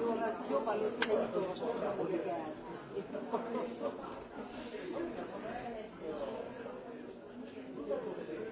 non lesz jobban lesz, mint Thank you.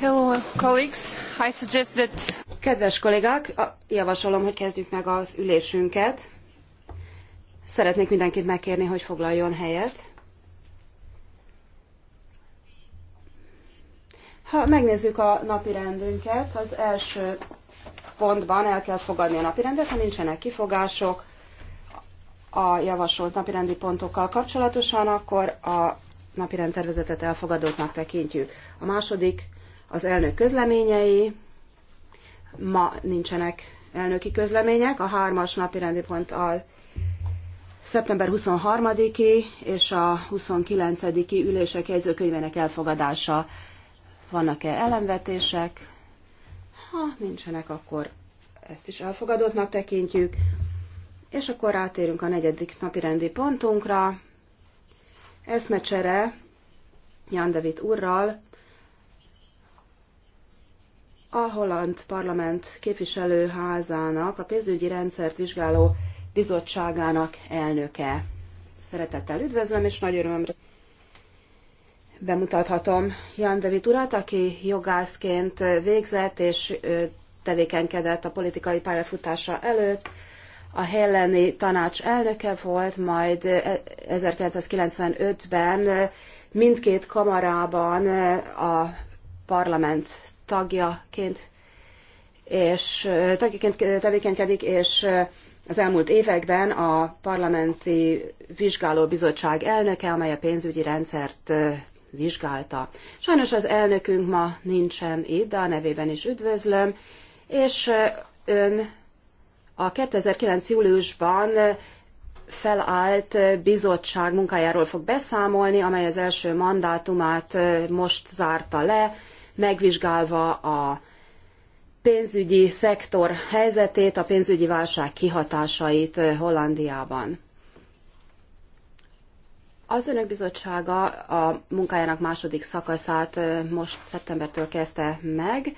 Hello, colleagues. I suggest that... Kedves kollégák, javasolom, hogy kezdjük meg az ülésünket. Szeretnék mindenkit megkérni, hogy foglaljon helyet. Ha megnézzük a napirendünket, az első pontban el kell fogadni a napirendet, ha nincsenek kifogások a javasolt napirendi pontokkal kapcsolatosan, akkor a napirend tervezetet elfogadottnak tekintjük. A második az elnök közleményei. Ma nincsenek elnöki közlemények. A hármas napi rendi pont a szeptember 23-i és a 29-i ülések jegyzőkönyvének elfogadása. Vannak-e ellenvetések? Ha nincsenek, akkor ezt is elfogadottnak tekintjük. És akkor rátérünk a negyedik napi rendi pontunkra. Eszmecsere Jan David urral, a holland parlament képviselőházának, a pénzügyi rendszert vizsgáló bizottságának elnöke. Szeretettel üdvözlöm, és nagy örömömre bemutathatom Jan David urat, aki jogászként végzett és tevékenykedett a politikai pályafutása előtt. A helleni tanács elnöke volt, majd 1995-ben mindkét kamarában a parlament tagjaként és tagjaként tevékenykedik, és az elmúlt években a parlamenti vizsgálóbizottság elnöke, amely a pénzügyi rendszert vizsgálta. Sajnos az elnökünk ma nincsen itt, de a nevében is üdvözlöm, és ön a 2009. júliusban felállt bizottság munkájáról fog beszámolni, amely az első mandátumát most zárta le, megvizsgálva a pénzügyi szektor helyzetét, a pénzügyi válság kihatásait eh, Hollandiában. Az önök bizottsága a munkájának második szakaszát eh, most szeptembertől kezdte meg.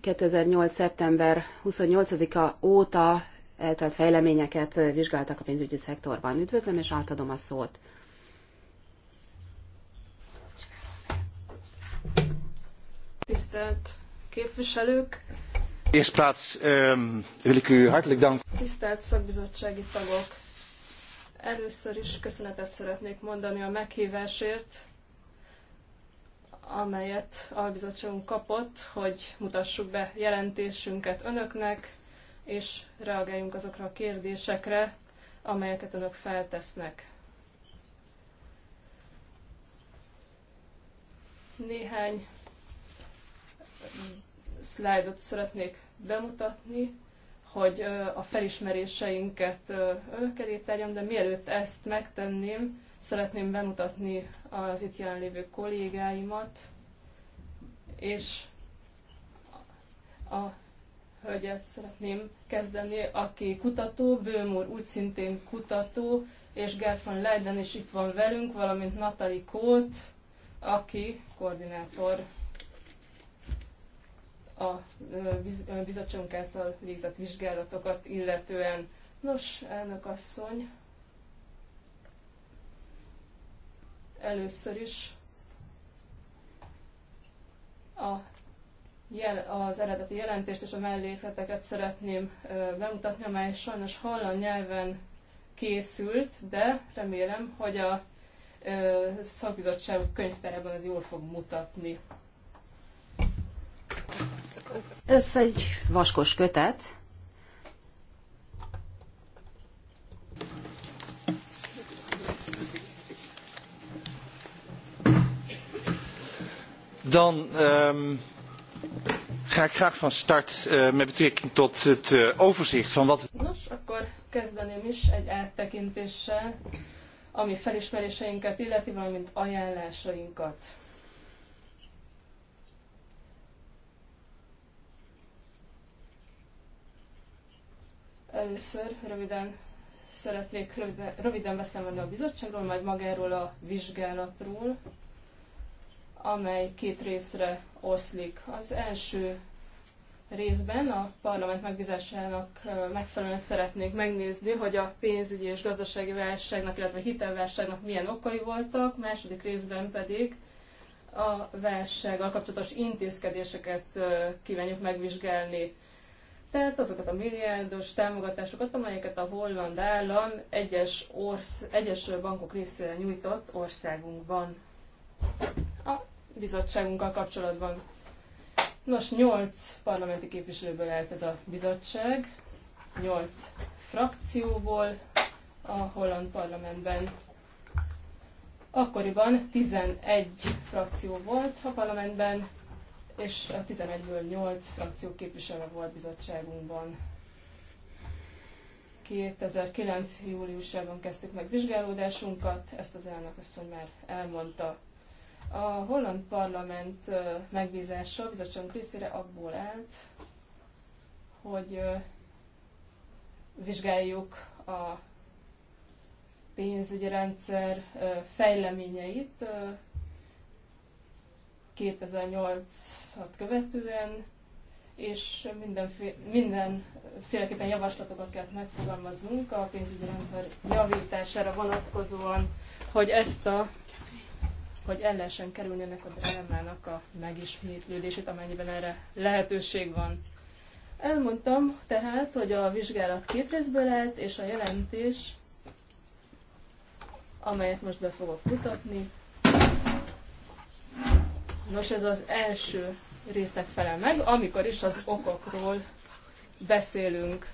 2008. Eh, szeptember 28-a óta eltelt fejleményeket vizsgáltak a pénzügyi szektorban. Üdvözlöm, és átadom a szót. tisztelt képviselők! És Prác, ehm, Tisztelt szakbizottsági tagok! Először is köszönetet szeretnék mondani a meghívásért, amelyet a bizottságunk kapott, hogy mutassuk be jelentésünket önöknek, és reagáljunk azokra a kérdésekre, amelyeket önök feltesznek. Néhány szlájdot szeretnék bemutatni, hogy a felismeréseinket önök elé terjem, de mielőtt ezt megtenném, szeretném bemutatni az itt jelenlévő kollégáimat, és a hölgyet szeretném kezdeni, aki kutató, Bőmúr úgy szintén kutató, és Gert van Leiden is itt van velünk, valamint Natali Kót, aki koordinátor a bizottságunk által végzett vizsgálatokat illetően. Nos, elnök asszony, először is a jel, az eredeti jelentést és a mellékleteket szeretném bemutatni, amely sajnos holland nyelven készült, de remélem, hogy a szakbizottság könyvtárában ez jól fog mutatni. Ez egy vaskos kötet. Dan um, ga ik graag van start uh, met betrekking tot het uh, overzicht van wat. Nos, akkor kezdeném is egy áttekintéssel, ami felismeréseinket illeti, valamint ajánlásainkat. Először röviden szeretnék röviden, röviden beszámolni a bizottságról, majd magáról a vizsgálatról, amely két részre oszlik. Az első részben a parlament megbízásának megfelelően szeretnék megnézni, hogy a pénzügyi és gazdasági válságnak, illetve hitelválságnak milyen okai voltak, második részben pedig a válsággal kapcsolatos intézkedéseket kívánjuk megvizsgálni tehát azokat a milliárdos támogatásokat, amelyeket a holland állam egyes, orsz, egyes bankok részére nyújtott országunkban. A bizottságunkkal kapcsolatban. Nos, nyolc parlamenti képviselőből állt ez a bizottság, nyolc frakcióból a holland parlamentben. Akkoriban 11 frakció volt a parlamentben, és a 11-ből 8 frakció képviselő volt bizottságunkban. 2009. júliusában kezdtük meg vizsgálódásunkat, ezt az elnök asszony már elmondta. A holland parlament megbízása a bizottságunk részére abból állt, hogy vizsgáljuk a pénzügyi rendszer fejleményeit 2008-at követően, és mindenféle, mindenféleképpen javaslatokat kell megfogalmaznunk a pénzügyi rendszer javítására vonatkozóan, hogy ezt a hogy el lehessen kerülni ennek a drámának a megismétlődését, amennyiben erre lehetőség van. Elmondtam tehát, hogy a vizsgálat két részből állt, és a jelentés, amelyet most be fogok mutatni, Nos, ez az első résznek felel meg, amikor is az okokról beszélünk.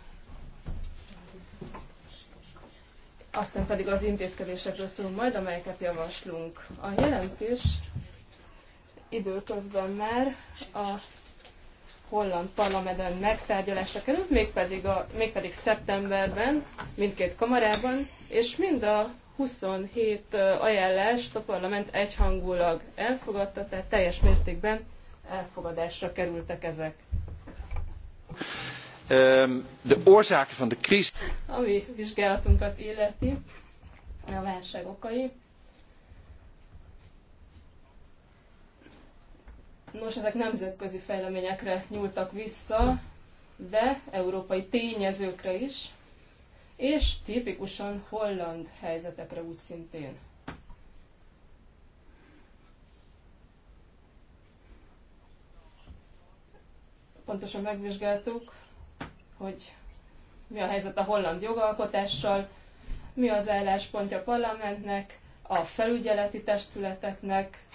Aztán pedig az intézkedésekről szólunk majd, amelyeket javaslunk. A jelentés időközben már a holland parlamenten megtárgyalásra került, mégpedig, a, mégpedig szeptemberben, mindkét kamarában, és mind a 27 ajánlást a parlament egyhangulag elfogadta, tehát teljes mértékben elfogadásra kerültek ezek. Ehm, de oorzaken van de crisis. Ami vizsgálatunkat illeti, a válság okai. Nos, ezek nemzetközi fejleményekre nyúltak vissza, de európai tényezőkre is, és tipikusan holland helyzetekre úgy szintén. Pontosan megvizsgáltuk, hogy mi a helyzet a holland jogalkotással, mi az álláspontja a parlamentnek, a felügyeleti testületeknek,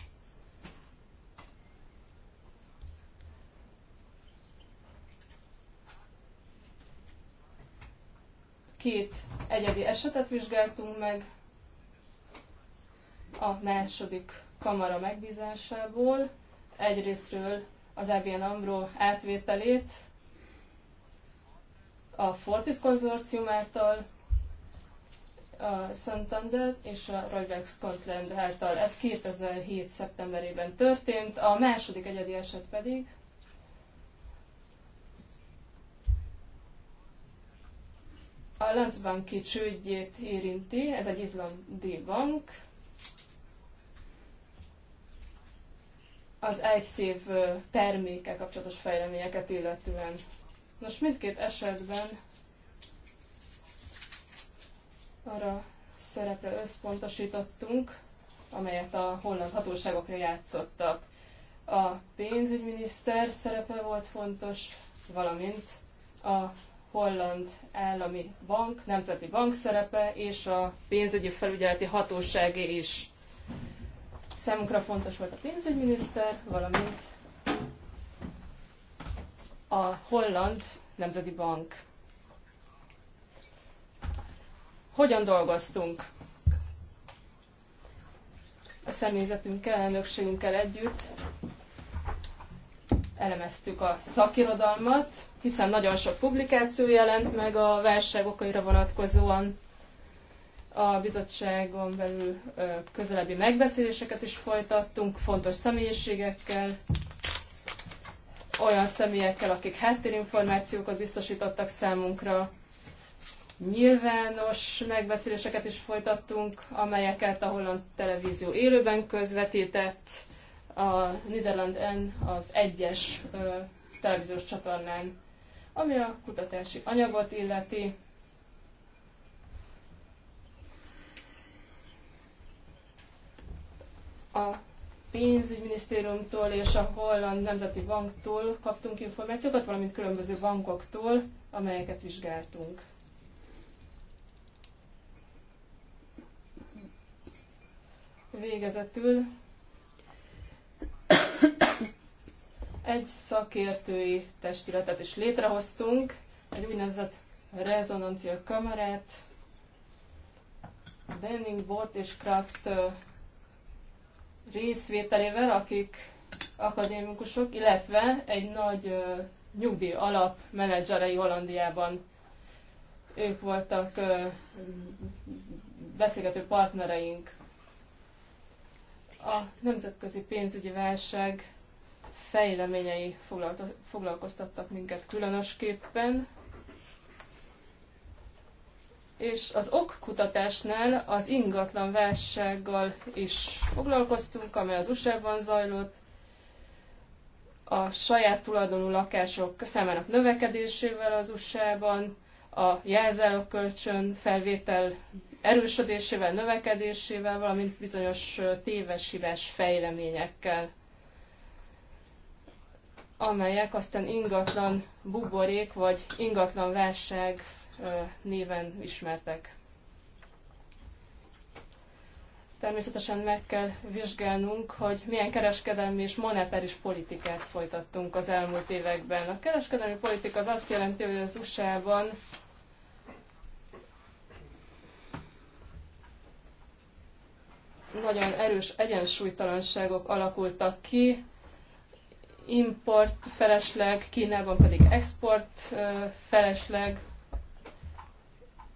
Két egyedi esetet vizsgáltunk meg a második kamara megbízásából. Egyrésztről az ABN AMRO átvételét a Fortis konzorcium által, a Santander és a Royvex Scotland által. Ez 2007. szeptemberében történt, a második egyedi eset pedig a Landsbanki csődjét érinti, ez egy izlandi bank. Az iSav terméke kapcsolatos fejleményeket illetően. Nos, mindkét esetben arra szerepre összpontosítottunk, amelyet a holland hatóságokra játszottak. A pénzügyminiszter szerepe volt fontos, valamint a holland állami bank, nemzeti bank szerepe és a pénzügyi felügyeleti hatóságé is. Számunkra fontos volt a pénzügyminiszter, valamint a holland nemzeti bank. Hogyan dolgoztunk? A személyzetünkkel, elnökségünkkel együtt elemeztük a szakirodalmat, hiszen nagyon sok publikáció jelent meg a válság okaira vonatkozóan. A bizottságon belül közelebbi megbeszéléseket is folytattunk fontos személyiségekkel, olyan személyekkel, akik háttérinformációkat biztosítottak számunkra. Nyilvános megbeszéléseket is folytattunk, amelyeket a holland televízió élőben közvetített a Niderland N az egyes televíziós csatornán, ami a kutatási anyagot illeti. A pénzügyminisztériumtól és a Holland Nemzeti Banktól kaptunk információkat, valamint különböző bankoktól, amelyeket vizsgáltunk. Végezetül egy szakértői testületet is létrehoztunk, egy úgynevezett rezonancia kamerát, Benning Bort és Kraft részvételével, akik akadémikusok, illetve egy nagy uh, nyugdíj alap menedzserei Hollandiában. Ők voltak uh, beszélgető partnereink a nemzetközi pénzügyi válság fejleményei foglalkoztattak minket különösképpen, és az okkutatásnál az ingatlan válsággal is foglalkoztunk, amely az USA-ban zajlott, a saját tulajdonú lakások számának növekedésével az USA-ban, a jelzálogkölcsön felvétel erősödésével, növekedésével, valamint bizonyos téves hibás fejleményekkel, amelyek aztán ingatlan buborék vagy ingatlan válság néven ismertek. Természetesen meg kell vizsgálnunk, hogy milyen kereskedelmi és monetáris politikát folytattunk az elmúlt években. A kereskedelmi politika az azt jelenti, hogy az USA-ban nagyon erős egyensúlytalanságok alakultak ki, import felesleg, Kínában pedig export felesleg.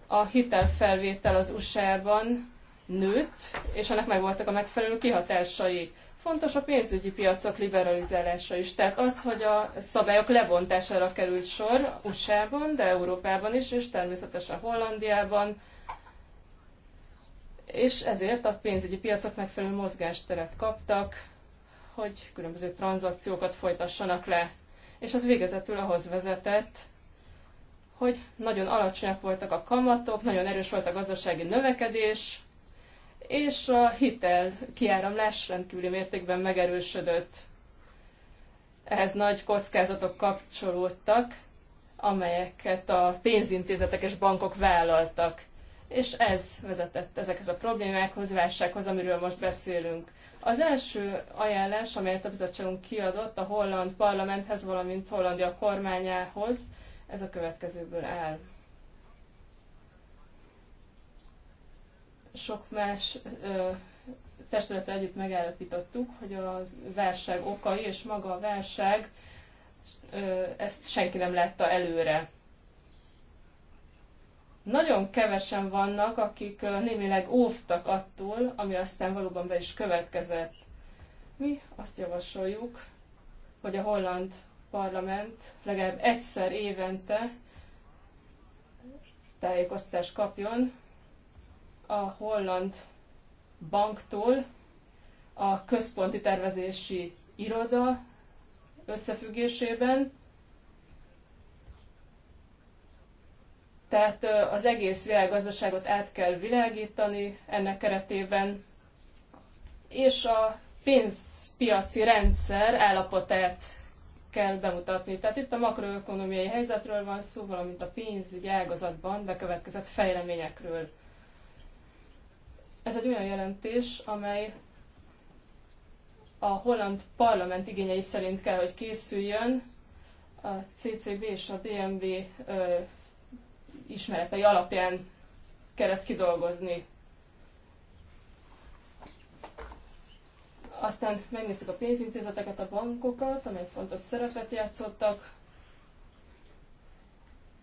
A hitelfelvétel az USA-ban nőtt, és ennek megvoltak a megfelelő kihatásai. Fontos a pénzügyi piacok liberalizálása is, tehát az, hogy a szabályok lebontására került sor USA-ban, de Európában is, és természetesen Hollandiában, és ezért a pénzügyi piacok megfelelő mozgásteret kaptak, hogy különböző tranzakciókat folytassanak le. És az végezetül ahhoz vezetett, hogy nagyon alacsonyak voltak a kamatok, nagyon erős volt a gazdasági növekedés, és a hitel kiáramlás rendkívüli mértékben megerősödött. Ehhez nagy kockázatok kapcsolódtak, amelyeket a pénzintézetek és bankok vállaltak és ez vezetett ezekhez a problémákhoz, válsághoz, amiről most beszélünk. Az első ajánlás, amelyet a bizottságunk kiadott a holland parlamenthez, valamint Hollandia kormányához, ez a következőből áll. Sok más ö, testület együtt megállapítottuk, hogy a válság okai és maga a válság, ö, ezt senki nem látta előre. Nagyon kevesen vannak, akik némileg óvtak attól, ami aztán valóban be is következett. Mi azt javasoljuk, hogy a holland parlament legalább egyszer évente tájékoztatást kapjon a holland banktól a központi tervezési iroda összefüggésében, Tehát az egész világgazdaságot át kell világítani ennek keretében, és a pénzpiaci rendszer állapotát kell bemutatni. Tehát itt a makroökonomiai helyzetről van szó, valamint a pénzügyi ágazatban bekövetkezett fejleményekről. Ez egy olyan jelentés, amely a holland parlament igényei szerint kell, hogy készüljön. A CCB és a DNB ismeretei alapján kell ezt kidolgozni. Aztán megnézzük a pénzintézeteket, a bankokat, amelyek fontos szerepet játszottak,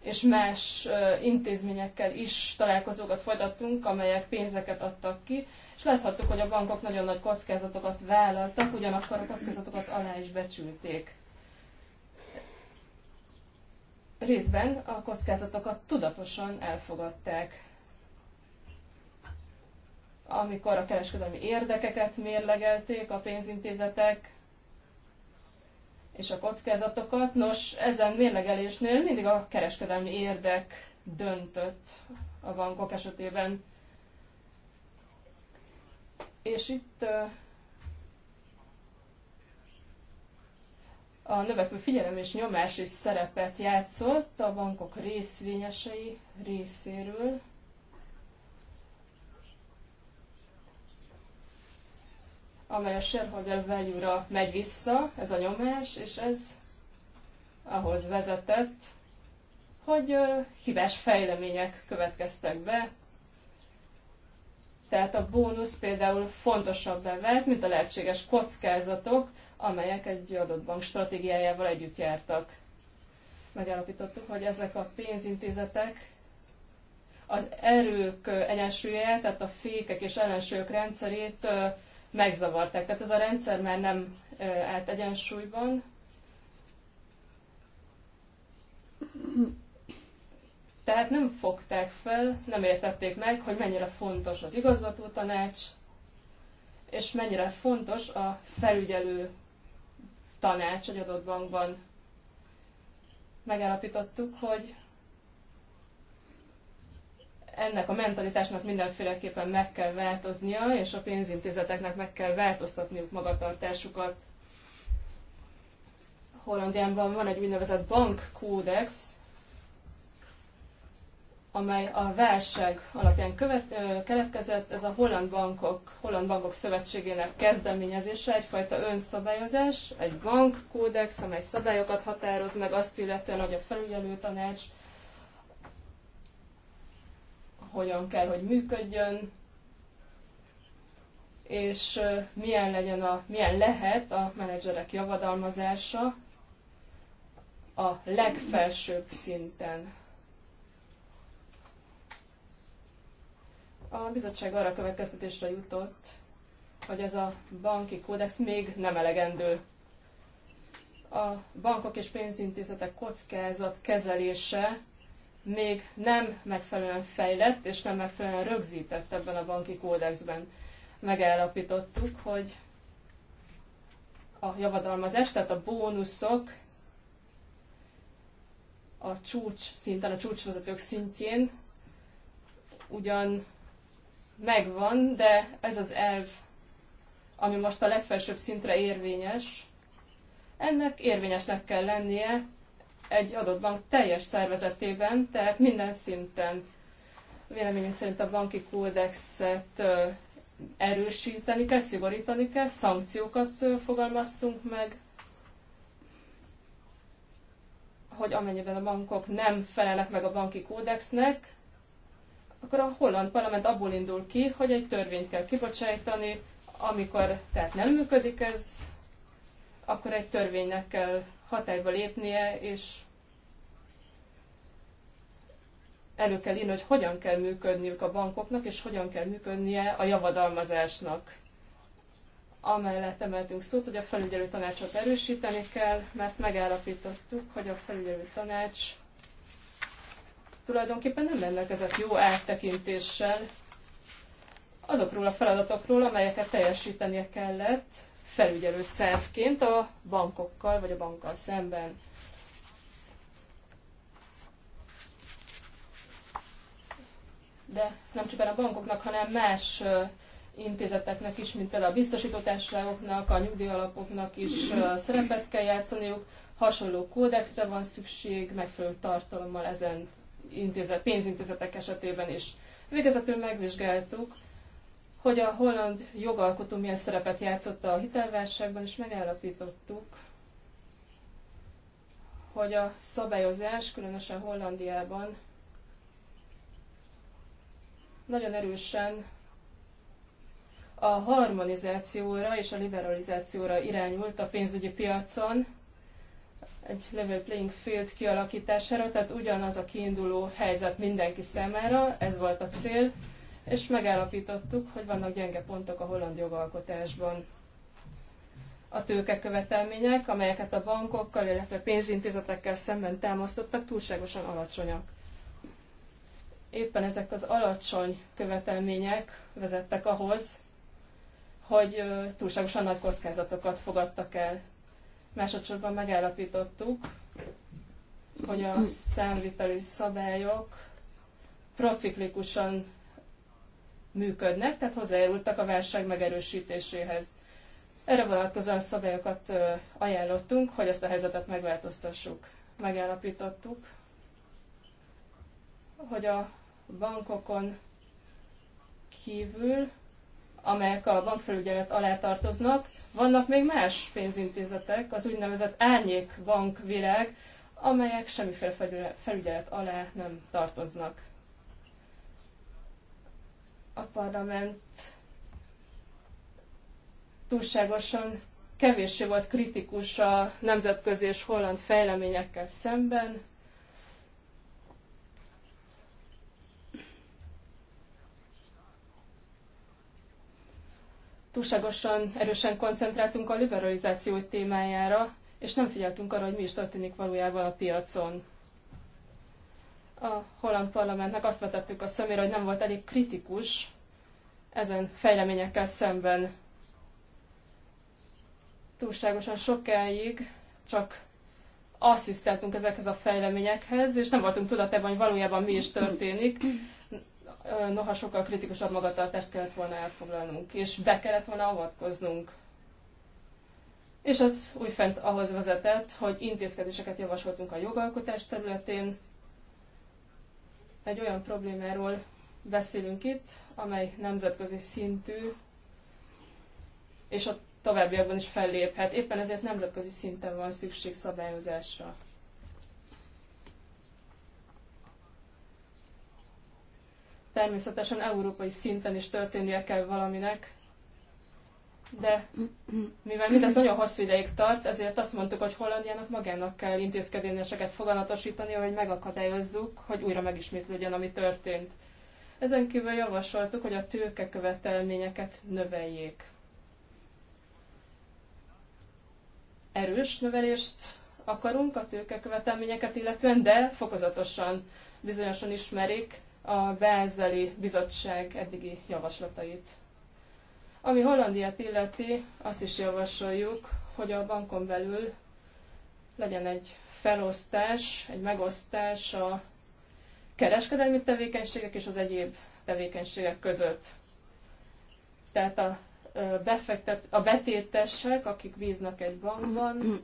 és más intézményekkel is találkozókat folytattunk, amelyek pénzeket adtak ki, és láthattuk, hogy a bankok nagyon nagy kockázatokat vállaltak, ugyanakkor a kockázatokat alá is becsülték részben a kockázatokat tudatosan elfogadták. Amikor a kereskedelmi érdekeket mérlegelték a pénzintézetek, és a kockázatokat. Nos, ezen mérlegelésnél mindig a kereskedelmi érdek döntött a bankok esetében. És itt a növekvő figyelem és nyomás is szerepet játszott a bankok részvényesei részéről. amely a shareholder value-ra megy vissza, ez a nyomás, és ez ahhoz vezetett, hogy hibás fejlemények következtek be. Tehát a bónusz például fontosabbá vált, mint a lehetséges kockázatok, amelyek egy adott bank stratégiájával együtt jártak. Megállapítottuk, hogy ezek a pénzintézetek az erők egyensúlyáját, tehát a fékek és ellensúlyok rendszerét megzavarták. Tehát ez a rendszer már nem állt egyensúlyban. Tehát nem fogták fel, nem értették meg, hogy mennyire fontos az igazgató tanács, és mennyire fontos a felügyelő tanács egy adott bankban. Megállapítottuk, hogy ennek a mentalitásnak mindenféleképpen meg kell változnia, és a pénzintézeteknek meg kell változtatniuk magatartásukat. Hollandiában van egy úgynevezett bankkódex, amely a válság alapján követ, ö, keletkezett, ez a Holland Bankok, Holland Bankok Szövetségének kezdeményezése, egyfajta önszabályozás, egy bankkódex, amely szabályokat határoz meg azt illetően, hogy a felügyelő tanács hogyan kell, hogy működjön, és milyen, legyen a, milyen lehet a menedzserek javadalmazása a legfelsőbb szinten A bizottság arra következtetésre jutott, hogy ez a banki kódex még nem elegendő. A bankok és pénzintézetek kockázat kezelése még nem megfelelően fejlett és nem megfelelően rögzített ebben a banki kódexben. Megállapítottuk, hogy a javadalmazás, tehát a bónuszok a csúcs szinten, a csúcsvezetők szintjén ugyan megvan, de ez az elv, ami most a legfelsőbb szintre érvényes, ennek érvényesnek kell lennie egy adott bank teljes szervezetében, tehát minden szinten. Véleményünk szerint a banki kódexet erősíteni kell, szigorítani kell, szankciókat fogalmaztunk meg, hogy amennyiben a bankok nem felelnek meg a banki kódexnek, akkor a holland parlament abból indul ki, hogy egy törvényt kell kibocsájtani, amikor tehát nem működik ez, akkor egy törvénynek kell hatályba lépnie, és elő kell írni, hogy hogyan kell működniük a bankoknak, és hogyan kell működnie a javadalmazásnak. Amellett emeltünk szót, hogy a felügyelő tanácsot erősíteni kell, mert megállapítottuk, hogy a felügyelő tanács tulajdonképpen nem rendelkezett jó áttekintéssel azokról a feladatokról, amelyeket teljesítenie kellett felügyelő szervként a bankokkal vagy a bankkal szemben. De nem csak a bankoknak, hanem más intézeteknek is, mint például a biztosítótársaságoknak, a nyugdíjalapoknak is szerepet kell játszaniuk, hasonló kódexre van szükség, megfelelő tartalommal ezen intézet, pénzintézetek esetében is. Végezetül megvizsgáltuk, hogy a holland jogalkotó milyen szerepet játszott a hitelválságban, és megállapítottuk, hogy a szabályozás, különösen Hollandiában nagyon erősen a harmonizációra és a liberalizációra irányult a pénzügyi piacon, egy level playing field kialakítására, tehát ugyanaz a kiinduló helyzet mindenki számára, ez volt a cél, és megállapítottuk, hogy vannak gyenge pontok a holland jogalkotásban. A tőkekövetelmények, amelyeket a bankokkal, illetve pénzintézetekkel szemben támasztottak, túlságosan alacsonyak. Éppen ezek az alacsony követelmények vezettek ahhoz, hogy túlságosan nagy kockázatokat fogadtak el Másodszorban megállapítottuk, hogy a számviteli szabályok prociklikusan működnek, tehát hozzájárultak a válság megerősítéséhez. Erre vonatkozóan szabályokat ajánlottunk, hogy ezt a helyzetet megváltoztassuk. Megállapítottuk, hogy a bankokon kívül, amelyek a bankfelügyelet alá tartoznak, vannak még más pénzintézetek, az úgynevezett árnyékbankvilág, amelyek semmiféle felügyelet alá nem tartoznak. A parlament túlságosan kevéssé volt kritikus a nemzetközi és holland fejleményekkel szemben, túlságosan erősen koncentráltunk a liberalizáció témájára, és nem figyeltünk arra, hogy mi is történik valójában a piacon. A holland parlamentnek azt vetettük a szemére, hogy nem volt elég kritikus ezen fejleményekkel szemben. Túlságosan sokáig csak asszisztáltunk ezekhez a fejleményekhez, és nem voltunk tudatában, hogy valójában mi is történik noha sokkal kritikusabb magatartást kellett volna elfoglalnunk, és be kellett volna avatkoznunk. És ez újfent ahhoz vezetett, hogy intézkedéseket javasoltunk a jogalkotás területén. Egy olyan problémáról beszélünk itt, amely nemzetközi szintű, és a továbbiakban is felléphet. Éppen ezért nemzetközi szinten van szükség szabályozásra. Természetesen európai szinten is történnie kell valaminek, de mivel mindez nagyon hosszú ideig tart, ezért azt mondtuk, hogy Hollandiának magának kell intézkedéseket foganatosítani, hogy megakadályozzuk, hogy újra megismétlődjön, ami történt. Ezen kívül javasoltuk, hogy a tőke követelményeket növeljék. Erős növelést akarunk a tőke követelményeket illetően, de fokozatosan bizonyosan ismerik, a Bázeli Bizottság eddigi javaslatait. Ami Hollandiát illeti, azt is javasoljuk, hogy a bankon belül legyen egy felosztás, egy megosztás a kereskedelmi tevékenységek és az egyéb tevékenységek között. Tehát a, befektet, a betétesek, akik bíznak egy bankban,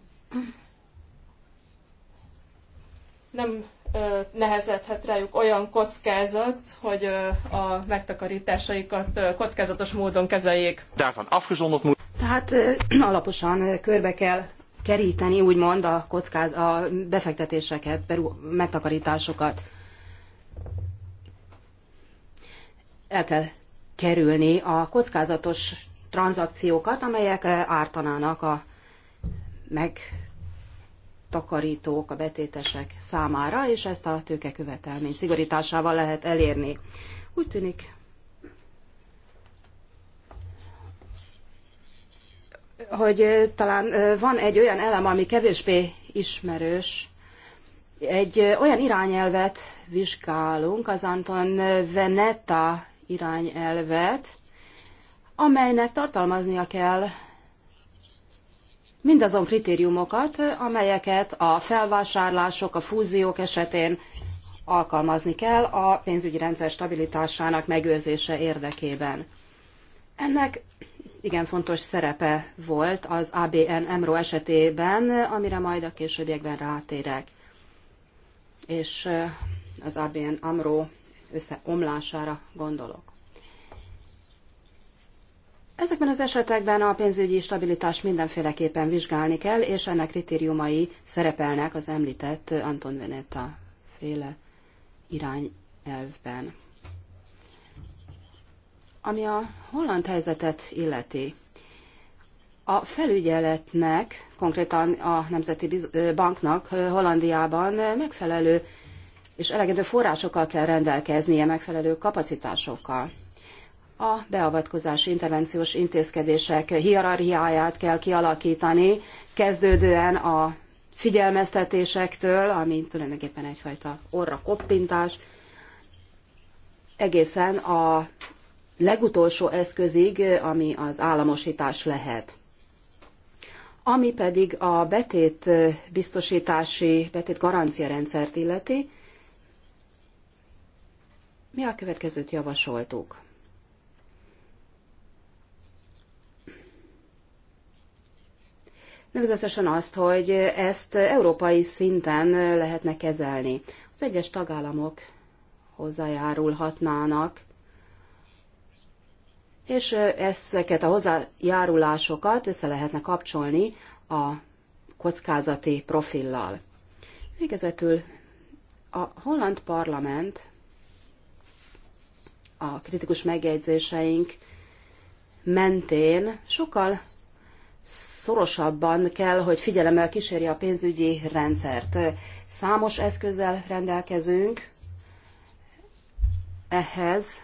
nem nehezedhet rájuk olyan kockázat, hogy a megtakarításaikat kockázatos módon kezeljék. Daarvan afgezonderd moet. Tehát alaposan körbe kell keríteni, úgymond a, kockáz, a befektetéseket, beru, megtakarításokat. El kell kerülni a kockázatos tranzakciókat, amelyek ártanának a meg takarítók, a betétesek számára, és ezt a tőkekövetelmény szigorításával lehet elérni. Úgy tűnik, hogy talán van egy olyan elem, ami kevésbé ismerős. Egy olyan irányelvet vizsgálunk, az Anton Veneta irányelvet, amelynek tartalmaznia kell mindazon kritériumokat, amelyeket a felvásárlások, a fúziók esetén alkalmazni kell a pénzügyi rendszer stabilitásának megőrzése érdekében. Ennek igen fontos szerepe volt az ABN MRO esetében, amire majd a későbbiekben rátérek. És az ABN AMRO összeomlására gondolok. Ezekben az esetekben a pénzügyi stabilitást mindenféleképpen vizsgálni kell, és ennek kritériumai szerepelnek az említett Anton Veneta féle irányelvben. Ami a holland helyzetet illeti, a felügyeletnek, konkrétan a Nemzeti Banknak Hollandiában megfelelő és elegendő forrásokkal kell rendelkeznie, megfelelő kapacitásokkal a beavatkozási intervenciós intézkedések hierarchiáját kell kialakítani, kezdődően a figyelmeztetésektől, ami tulajdonképpen egyfajta orra koppintás, egészen a legutolsó eszközig, ami az államosítás lehet. Ami pedig a betét biztosítási, betét garancia rendszert illeti, mi a következőt javasoltuk. nevezetesen azt, hogy ezt európai szinten lehetne kezelni. Az egyes tagállamok hozzájárulhatnának, és ezeket a hozzájárulásokat össze lehetne kapcsolni a kockázati profillal. Végezetül a holland parlament a kritikus megjegyzéseink mentén sokkal szorosabban kell, hogy figyelemmel kísérje a pénzügyi rendszert. Számos eszközzel rendelkezünk ehhez.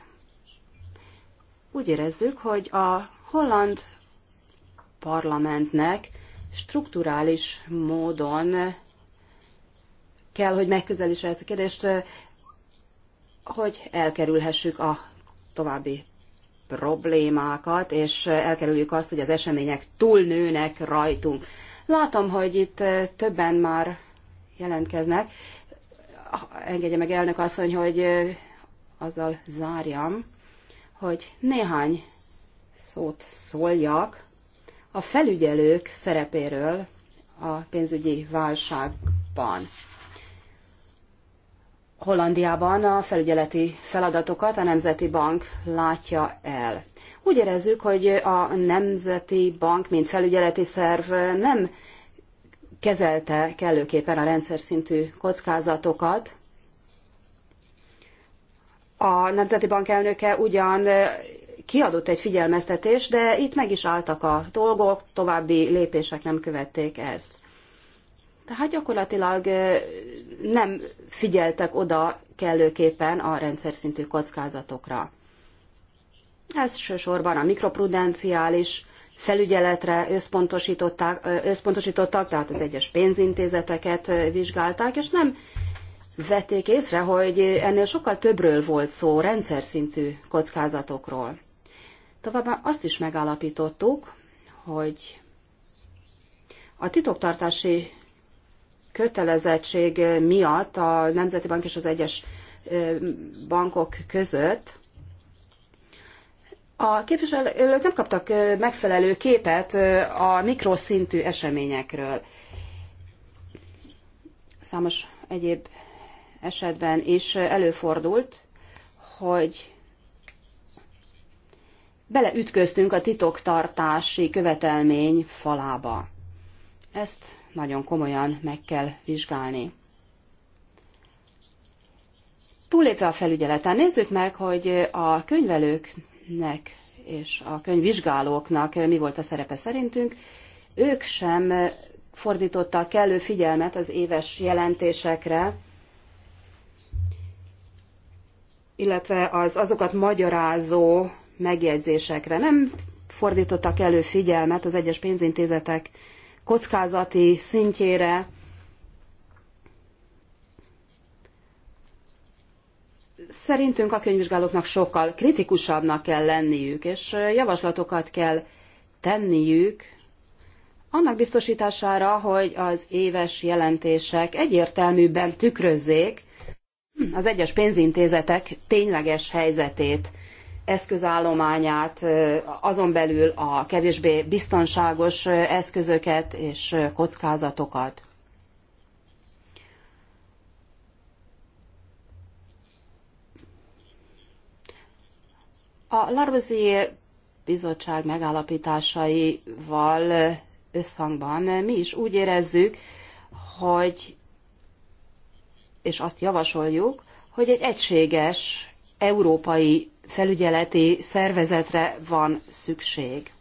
Úgy érezzük, hogy a holland parlamentnek strukturális módon kell, hogy megközelítse ezt a kérdést, hogy elkerülhessük a további problémákat, és elkerüljük azt, hogy az események túlnőnek rajtunk. Látom, hogy itt eh, többen már jelentkeznek. Engedje meg elnök asszony, hogy eh, azzal zárjam, hogy néhány szót szóljak a felügyelők szerepéről a pénzügyi válságban. Hollandiában a felügyeleti feladatokat a Nemzeti Bank látja el. Úgy érezzük, hogy a Nemzeti Bank, mint felügyeleti szerv nem kezelte kellőképpen a rendszer szintű kockázatokat. A Nemzeti Bank elnöke ugyan kiadott egy figyelmeztetést, de itt meg is álltak a dolgok, további lépések nem követték ezt. Tehát gyakorlatilag nem figyeltek oda kellőképpen a rendszer szintű kockázatokra. Ez Elsősorban a mikroprudenciális felügyeletre összpontosították, összpontosítottak, tehát az egyes pénzintézeteket vizsgálták, és nem vették észre, hogy ennél sokkal többről volt szó, rendszer szintű kockázatokról. Továbbá azt is megállapítottuk, hogy a titoktartási kötelezettség miatt a Nemzeti Bank és az egyes bankok között. A képviselők nem kaptak megfelelő képet a mikroszintű eseményekről. Számos egyéb esetben is előfordult, hogy beleütköztünk a titoktartási követelmény falába. Ezt nagyon komolyan meg kell vizsgálni. Túlépve a felügyeleten, nézzük meg, hogy a könyvelőknek és a könyvvizsgálóknak mi volt a szerepe szerintünk. Ők sem fordítottak kellő figyelmet az éves jelentésekre, illetve az azokat magyarázó megjegyzésekre. Nem fordítottak elő figyelmet az egyes pénzintézetek kockázati szintjére, szerintünk a könyvvizsgálóknak sokkal kritikusabbnak kell lenniük, és javaslatokat kell tenniük annak biztosítására, hogy az éves jelentések egyértelműbben tükrözzék az egyes pénzintézetek tényleges helyzetét, eszközállományát, azon belül a kevésbé biztonságos eszközöket és kockázatokat. A Larvazier bizottság megállapításaival összhangban mi is úgy érezzük, hogy, és azt javasoljuk, hogy egy egységes európai felügyeleti szervezetre van szükség.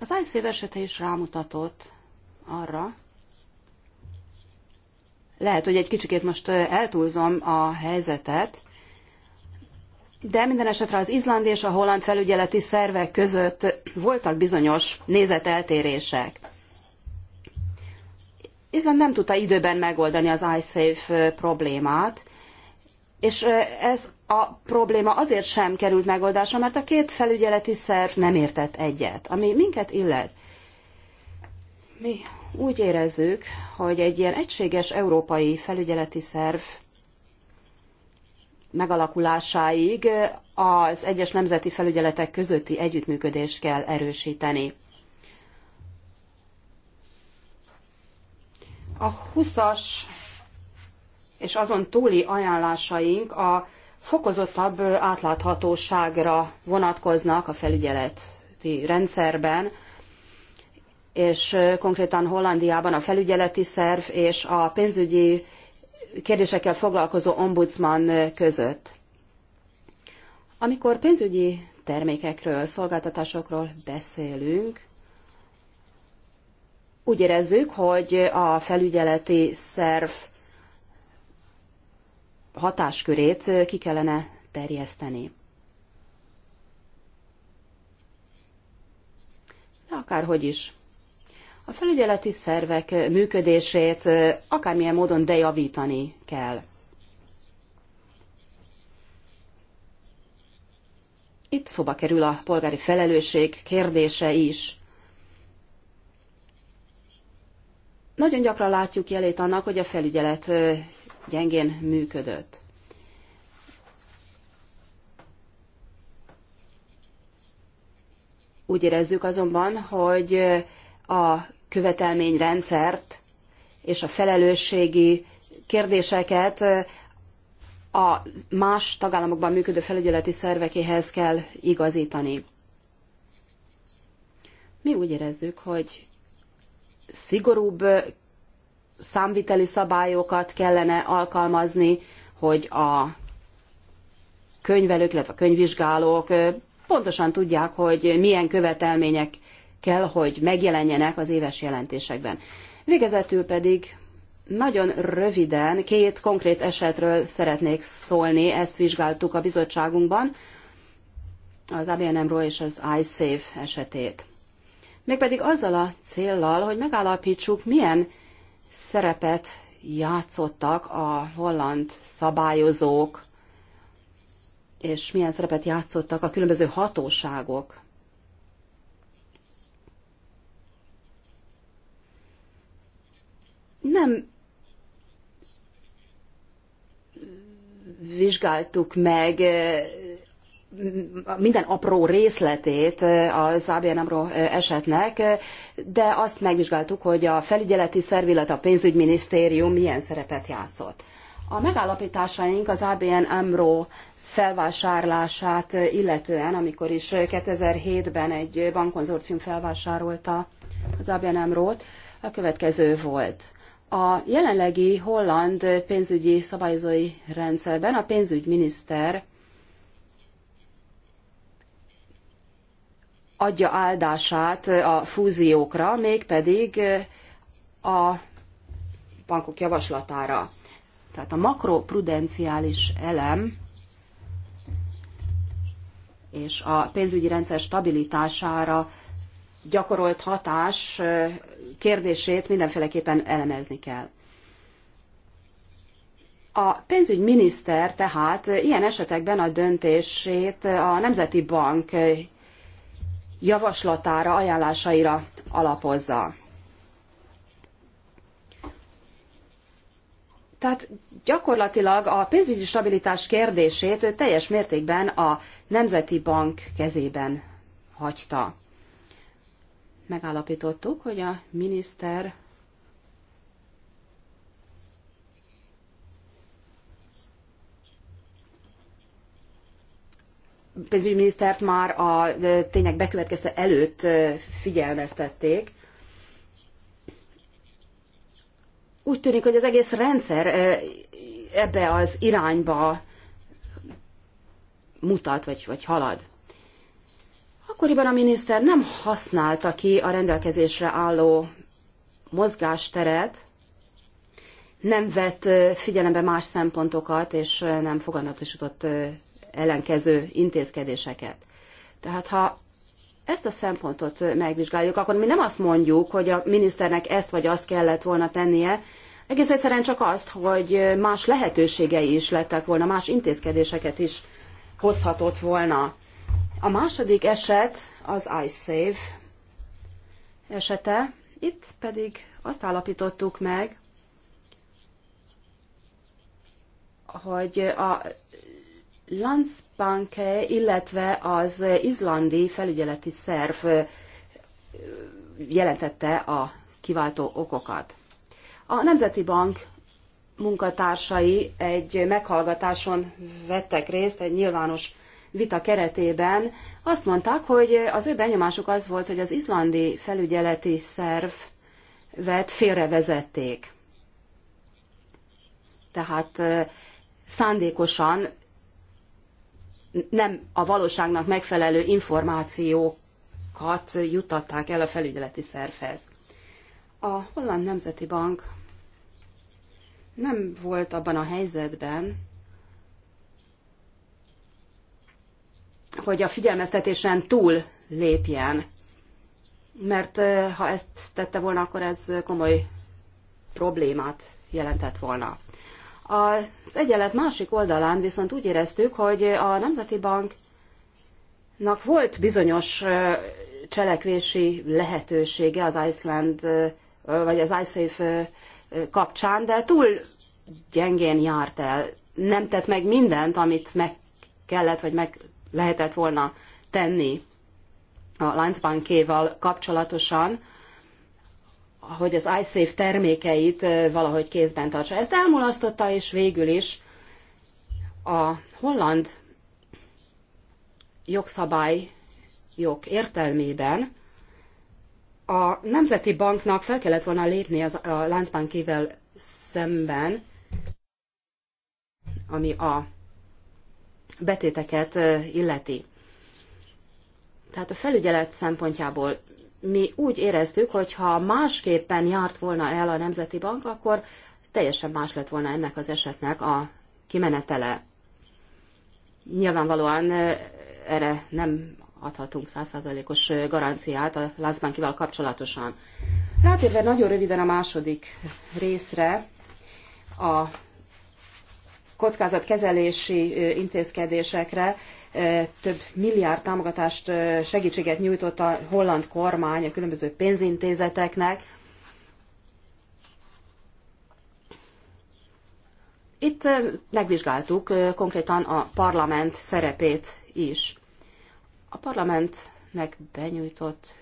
Az ICV esete is rámutatott arra, lehet, hogy egy kicsikét most eltúlzom a helyzetet, de minden esetre az izlandi és a holland felügyeleti szervek között voltak bizonyos nézeteltérések. Izland nem tudta időben megoldani az iSafe problémát, és ez a probléma azért sem került megoldásra, mert a két felügyeleti szerv nem értett egyet, ami minket illet. Mi úgy érezzük, hogy egy ilyen egységes európai felügyeleti szerv megalakulásáig az egyes nemzeti felügyeletek közötti együttműködést kell erősíteni. A 20-as és azon túli ajánlásaink a fokozottabb átláthatóságra vonatkoznak a felügyeleti rendszerben, és konkrétan Hollandiában a felügyeleti szerv és a pénzügyi kérdésekkel foglalkozó ombudsman között. Amikor pénzügyi termékekről, szolgáltatásokról beszélünk, úgy érezzük, hogy a felügyeleti szerv hatáskörét ki kellene terjeszteni. De akárhogy is. A felügyeleti szervek működését akármilyen módon dejavítani kell. Itt szoba kerül a polgári felelősség kérdése is. Nagyon gyakran látjuk jelét annak, hogy a felügyelet gyengén működött. Úgy érezzük azonban, hogy a követelményrendszert és a felelősségi kérdéseket a más tagállamokban működő felügyeleti szervekéhez kell igazítani. Mi úgy érezzük, hogy szigorúbb számviteli szabályokat kellene alkalmazni, hogy a könyvelők, illetve a könyvvizsgálók pontosan tudják, hogy milyen követelmények kell, hogy megjelenjenek az éves jelentésekben. Végezetül pedig nagyon röviden két konkrét esetről szeretnék szólni, ezt vizsgáltuk a bizottságunkban, az ABNM-ról és az iSafe esetét. Mégpedig azzal a céllal, hogy megállapítsuk, milyen szerepet játszottak a holland szabályozók, és milyen szerepet játszottak a különböző hatóságok. Nem vizsgáltuk meg minden apró részletét az ABN AMRO esetnek, de azt megvizsgáltuk, hogy a felügyeleti szervilet, a pénzügyminisztérium milyen szerepet játszott. A megállapításaink az ABN AMRO felvásárlását illetően, amikor is 2007-ben egy bankkonzorcium felvásárolta az ABN AMRO-t, a következő volt. A jelenlegi holland pénzügyi szabályozói rendszerben a pénzügyminiszter adja áldását a fúziókra, mégpedig eh, a bankok javaslatára. Tehát a makroprudenciális elem és a pénzügyi rendszer stabilitására gyakorolt hatás eh, kérdését mindenféleképpen elemezni kell. A pénzügyminiszter tehát ilyen esetekben a döntését a Nemzeti Bank eh, javaslatára, ajánlásaira alapozza. Tehát gyakorlatilag a pénzügyi stabilitás kérdését ő teljes mértékben a Nemzeti Bank kezében hagyta. Megállapítottuk, hogy a miniszter pénzügyminisztert már a tények bekövetkezte előtt figyelmeztették. Úgy tűnik, hogy az egész rendszer ebbe az irányba mutat, vagy, vagy halad. Akkoriban a miniszter nem használta ki a rendelkezésre álló mozgásteret, nem vett figyelembe más szempontokat, és nem fogadatosított ellenkező intézkedéseket. Tehát ha ezt a szempontot megvizsgáljuk, akkor mi nem azt mondjuk, hogy a miniszternek ezt vagy azt kellett volna tennie, egész egyszerűen csak azt, hogy más lehetőségei is lettek volna, más intézkedéseket is hozhatott volna. A második eset az iSave esete, itt pedig azt állapítottuk meg, hogy a Landsbanke, illetve az izlandi felügyeleti szerv jelentette a kiváltó okokat. A Nemzeti Bank munkatársai egy meghallgatáson vettek részt, egy nyilvános vita keretében. Azt mondták, hogy az ő benyomásuk az volt, hogy az izlandi felügyeleti szervet félrevezették. Tehát szándékosan nem a valóságnak megfelelő információkat juttatták el a felügyeleti szervhez. A Holland Nemzeti Bank nem volt abban a helyzetben, hogy a figyelmeztetésen túl lépjen. Mert eh, ha ezt tette volna, akkor ez komoly problémát jelentett volna. Az egyenlet másik oldalán viszont úgy éreztük, hogy a Nemzeti Banknak volt bizonyos cselekvési lehetősége az Iceland, vagy az iSafe kapcsán, de túl gyengén járt el. Nem tett meg mindent, amit meg kellett, vagy meg lehetett volna tenni a Landsbankéval kapcsolatosan, hogy az iSafe termékeit valahogy kézben tartsa. Ezt elmulasztotta, és végül is a holland jogszabály jog értelmében a Nemzeti Banknak fel kellett volna lépni az, a Láncbankével szemben, ami a betéteket illeti. Tehát a felügyelet szempontjából mi úgy éreztük, hogy ha másképpen járt volna el a Nemzeti Bank, akkor teljesen más lett volna ennek az esetnek a kimenetele. Nyilvánvalóan erre nem adhatunk százszázalékos garanciát a Lászbánkival kapcsolatosan. Rátérve nagyon röviden a második részre, a kockázatkezelési intézkedésekre, több milliárd támogatást, segítséget nyújtott a holland kormány a különböző pénzintézeteknek. Itt megvizsgáltuk konkrétan a parlament szerepét is. A parlamentnek benyújtott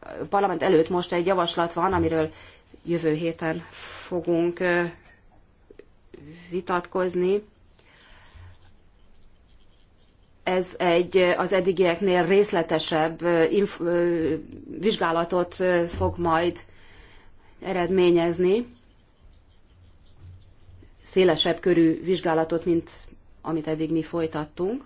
a parlament előtt most egy javaslat van, amiről jövő héten fogunk vitatkozni ez egy az eddigieknél részletesebb vizsgálatot fog majd eredményezni, szélesebb körű vizsgálatot, mint amit eddig mi folytattunk.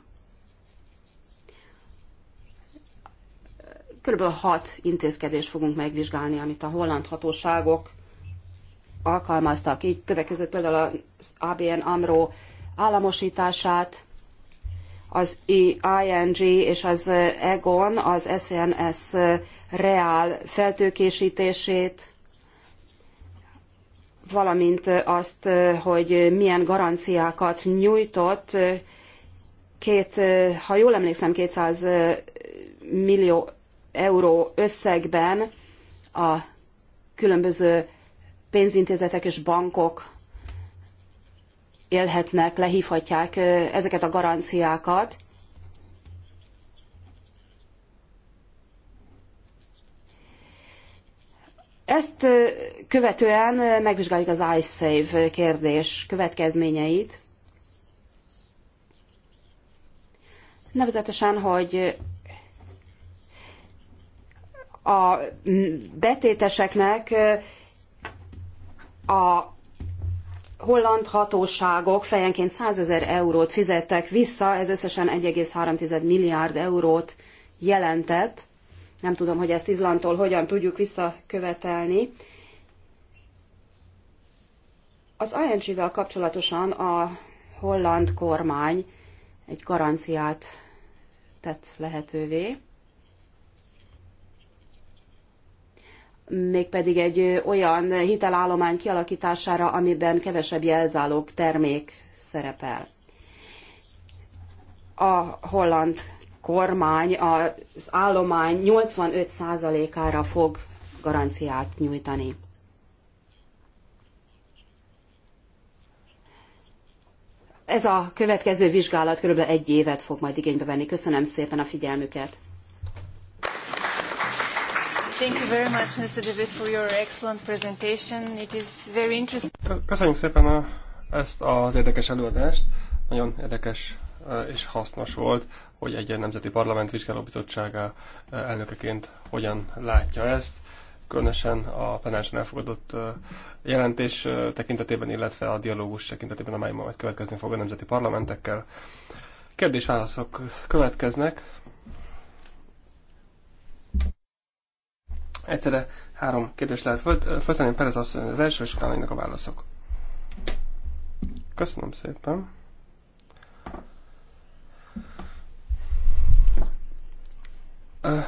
Körülbelül hat intézkedést fogunk megvizsgálni, amit a holland hatóságok alkalmaztak. Így többek között például az ABN AMRO államosítását, az ING és az EGON, az SNS reál feltőkésítését, valamint azt, hogy milyen garanciákat nyújtott két, ha jól emlékszem, 200 millió euró összegben a különböző pénzintézetek és bankok élhetnek, lehívhatják ezeket a garanciákat. Ezt követően megvizsgáljuk az iSave kérdés következményeit. Nevezetesen, hogy a betéteseknek a holland hatóságok fejenként 100 ezer eurót fizettek vissza, ez összesen 1,3 milliárd eurót jelentett. Nem tudom, hogy ezt Izlandtól hogyan tudjuk visszakövetelni. Az anc vel kapcsolatosan a holland kormány egy garanciát tett lehetővé. mégpedig egy olyan hitelállomány kialakítására, amiben kevesebb jelzálók termék szerepel. A holland kormány az állomány 85%-ára fog garanciát nyújtani. Ez a következő vizsgálat körülbelül egy évet fog majd igénybe venni. Köszönöm szépen a figyelmüket! Thank you very much, Mr. David, for your excellent presentation. It is very interesting. Köszönjük szépen a, ezt az érdekes előadást. Nagyon érdekes és hasznos volt, hogy egy Nemzeti Parlament Vizsgálóbizottsága elnökeként hogyan látja ezt, különösen a plenárisan elfogadott jelentés tekintetében, illetve a dialógus tekintetében, amely majd következni fog a nemzeti parlamentekkel. Kérdés-válaszok következnek. Egyszerre három kérdést lehet föltenni, Perez az első, és utána a válaszok. Köszönöm szépen.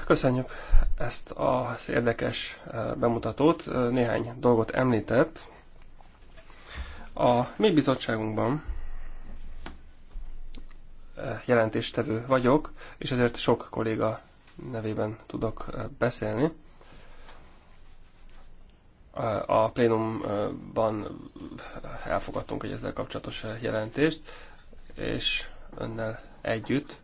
Köszönjük ezt az érdekes bemutatót. Néhány dolgot említett. A mi bizottságunkban jelentéstevő vagyok, és ezért sok kolléga nevében tudok beszélni a plénumban elfogadtunk egy ezzel kapcsolatos jelentést, és önnel együtt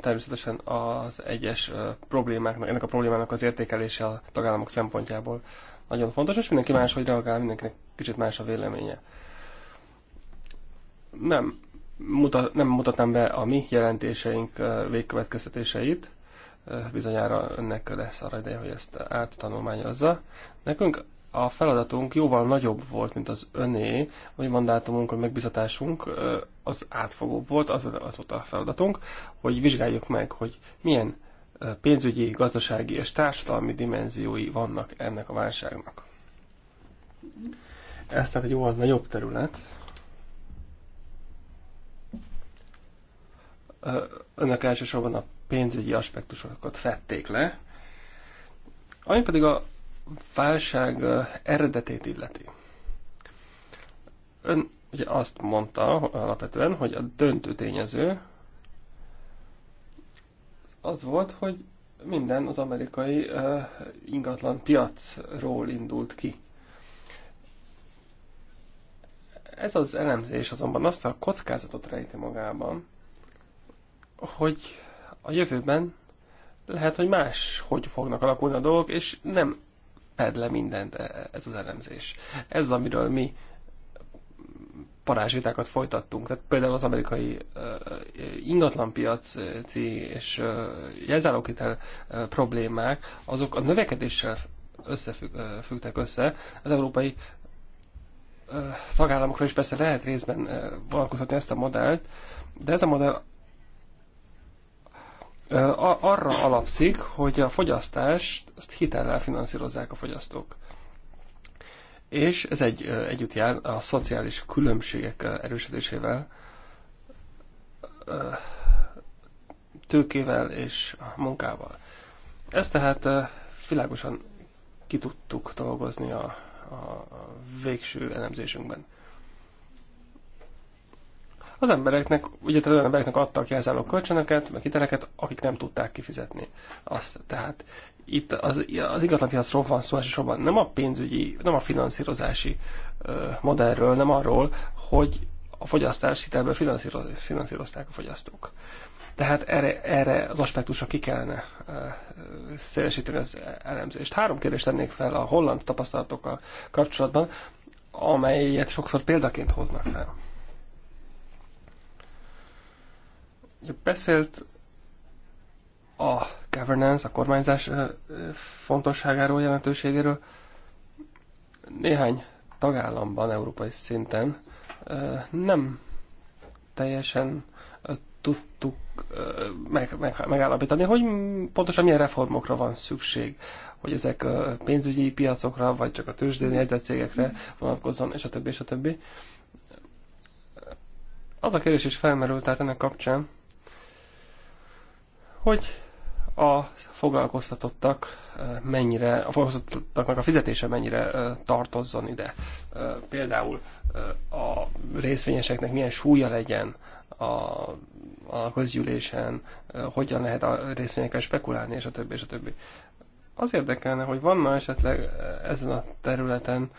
természetesen az egyes problémáknak, ennek a problémának az értékelése a tagállamok szempontjából nagyon fontos, és mindenki máshogy reagál, mindenkinek kicsit más a véleménye. Nem, mutat, nem mutatnám be a mi jelentéseink végkövetkeztetéseit, bizonyára önnek lesz arra ideje, hogy ezt áttanulmányozza. Nekünk a feladatunk jóval nagyobb volt, mint az öné, vagy mandátumunk, vagy megbizatásunk, az átfogóbb volt, az, az volt a feladatunk, hogy vizsgáljuk meg, hogy milyen pénzügyi, gazdasági és társadalmi dimenziói vannak ennek a válságnak. Ez tehát egy jóval nagyobb terület. Önök elsősorban a pénzügyi aspektusokat fették le, ami pedig a válság eredetét illeti. Ön ugye azt mondta alapvetően, hogy a döntő tényező az volt, hogy minden az amerikai uh, ingatlan piacról indult ki. Ez az elemzés azonban azt a kockázatot rejti magában, hogy a jövőben lehet, hogy más hogy fognak alakulni a dolgok, és nem fed le mindent e- e- ez az elemzés. Ez, amiről mi parázsvitákat folytattunk. Tehát például az amerikai uh, ingatlanpiaci és uh, jelzálókitel uh, problémák, azok a növekedéssel összefüggtek össze. Az európai tagállamokról is persze lehet részben vonatkozhatni ezt a modellt, de ez a modell arra alapszik, hogy a fogyasztást azt hitellel finanszírozzák a fogyasztók. És ez egy, együtt jár a szociális különbségek erősödésével, tőkével és munkával. Ezt tehát világosan ki tudtuk dolgozni a, a végső elemzésünkben. Az embereknek, ugye az embereknek embereknek adtak jelzálók kölcsönöket, meg hiteleket, akik nem tudták kifizetni. Azt, tehát itt az, az ingatlanpiacról van szó elsősorban, nem a pénzügyi, nem a finanszírozási ö, modellről, nem arról, hogy a fogyasztás hitelből finanszíroz, finanszírozták a fogyasztók. Tehát erre, erre az aspektusra ki kellene szélesíteni az elemzést. Három kérdést tennék fel a holland tapasztalatokkal kapcsolatban, amelyet sokszor példaként hoznak fel. Beszélt a governance, a kormányzás fontosságáról, jelentőségéről. Néhány tagállamban, európai szinten nem teljesen tudtuk meg, meg, megállapítani, hogy pontosan milyen reformokra van szükség, hogy ezek a pénzügyi piacokra, vagy csak a tőzsdén jegyzett cégekre vonatkozzon, és a többi, és a többi. Az a kérdés is felmerült tehát ennek kapcsán, hogy a foglalkoztatottak eh, mennyire, a foglalkoztatottaknak a fizetése mennyire eh, tartozzon ide. Eh, például a részvényeseknek milyen súlya legyen a, a közgyűlésen, hogyan lehet a részvényekkel spekulálni, és a többi, és a többi. Az érdekelne, hogy van már esetleg ezen a területen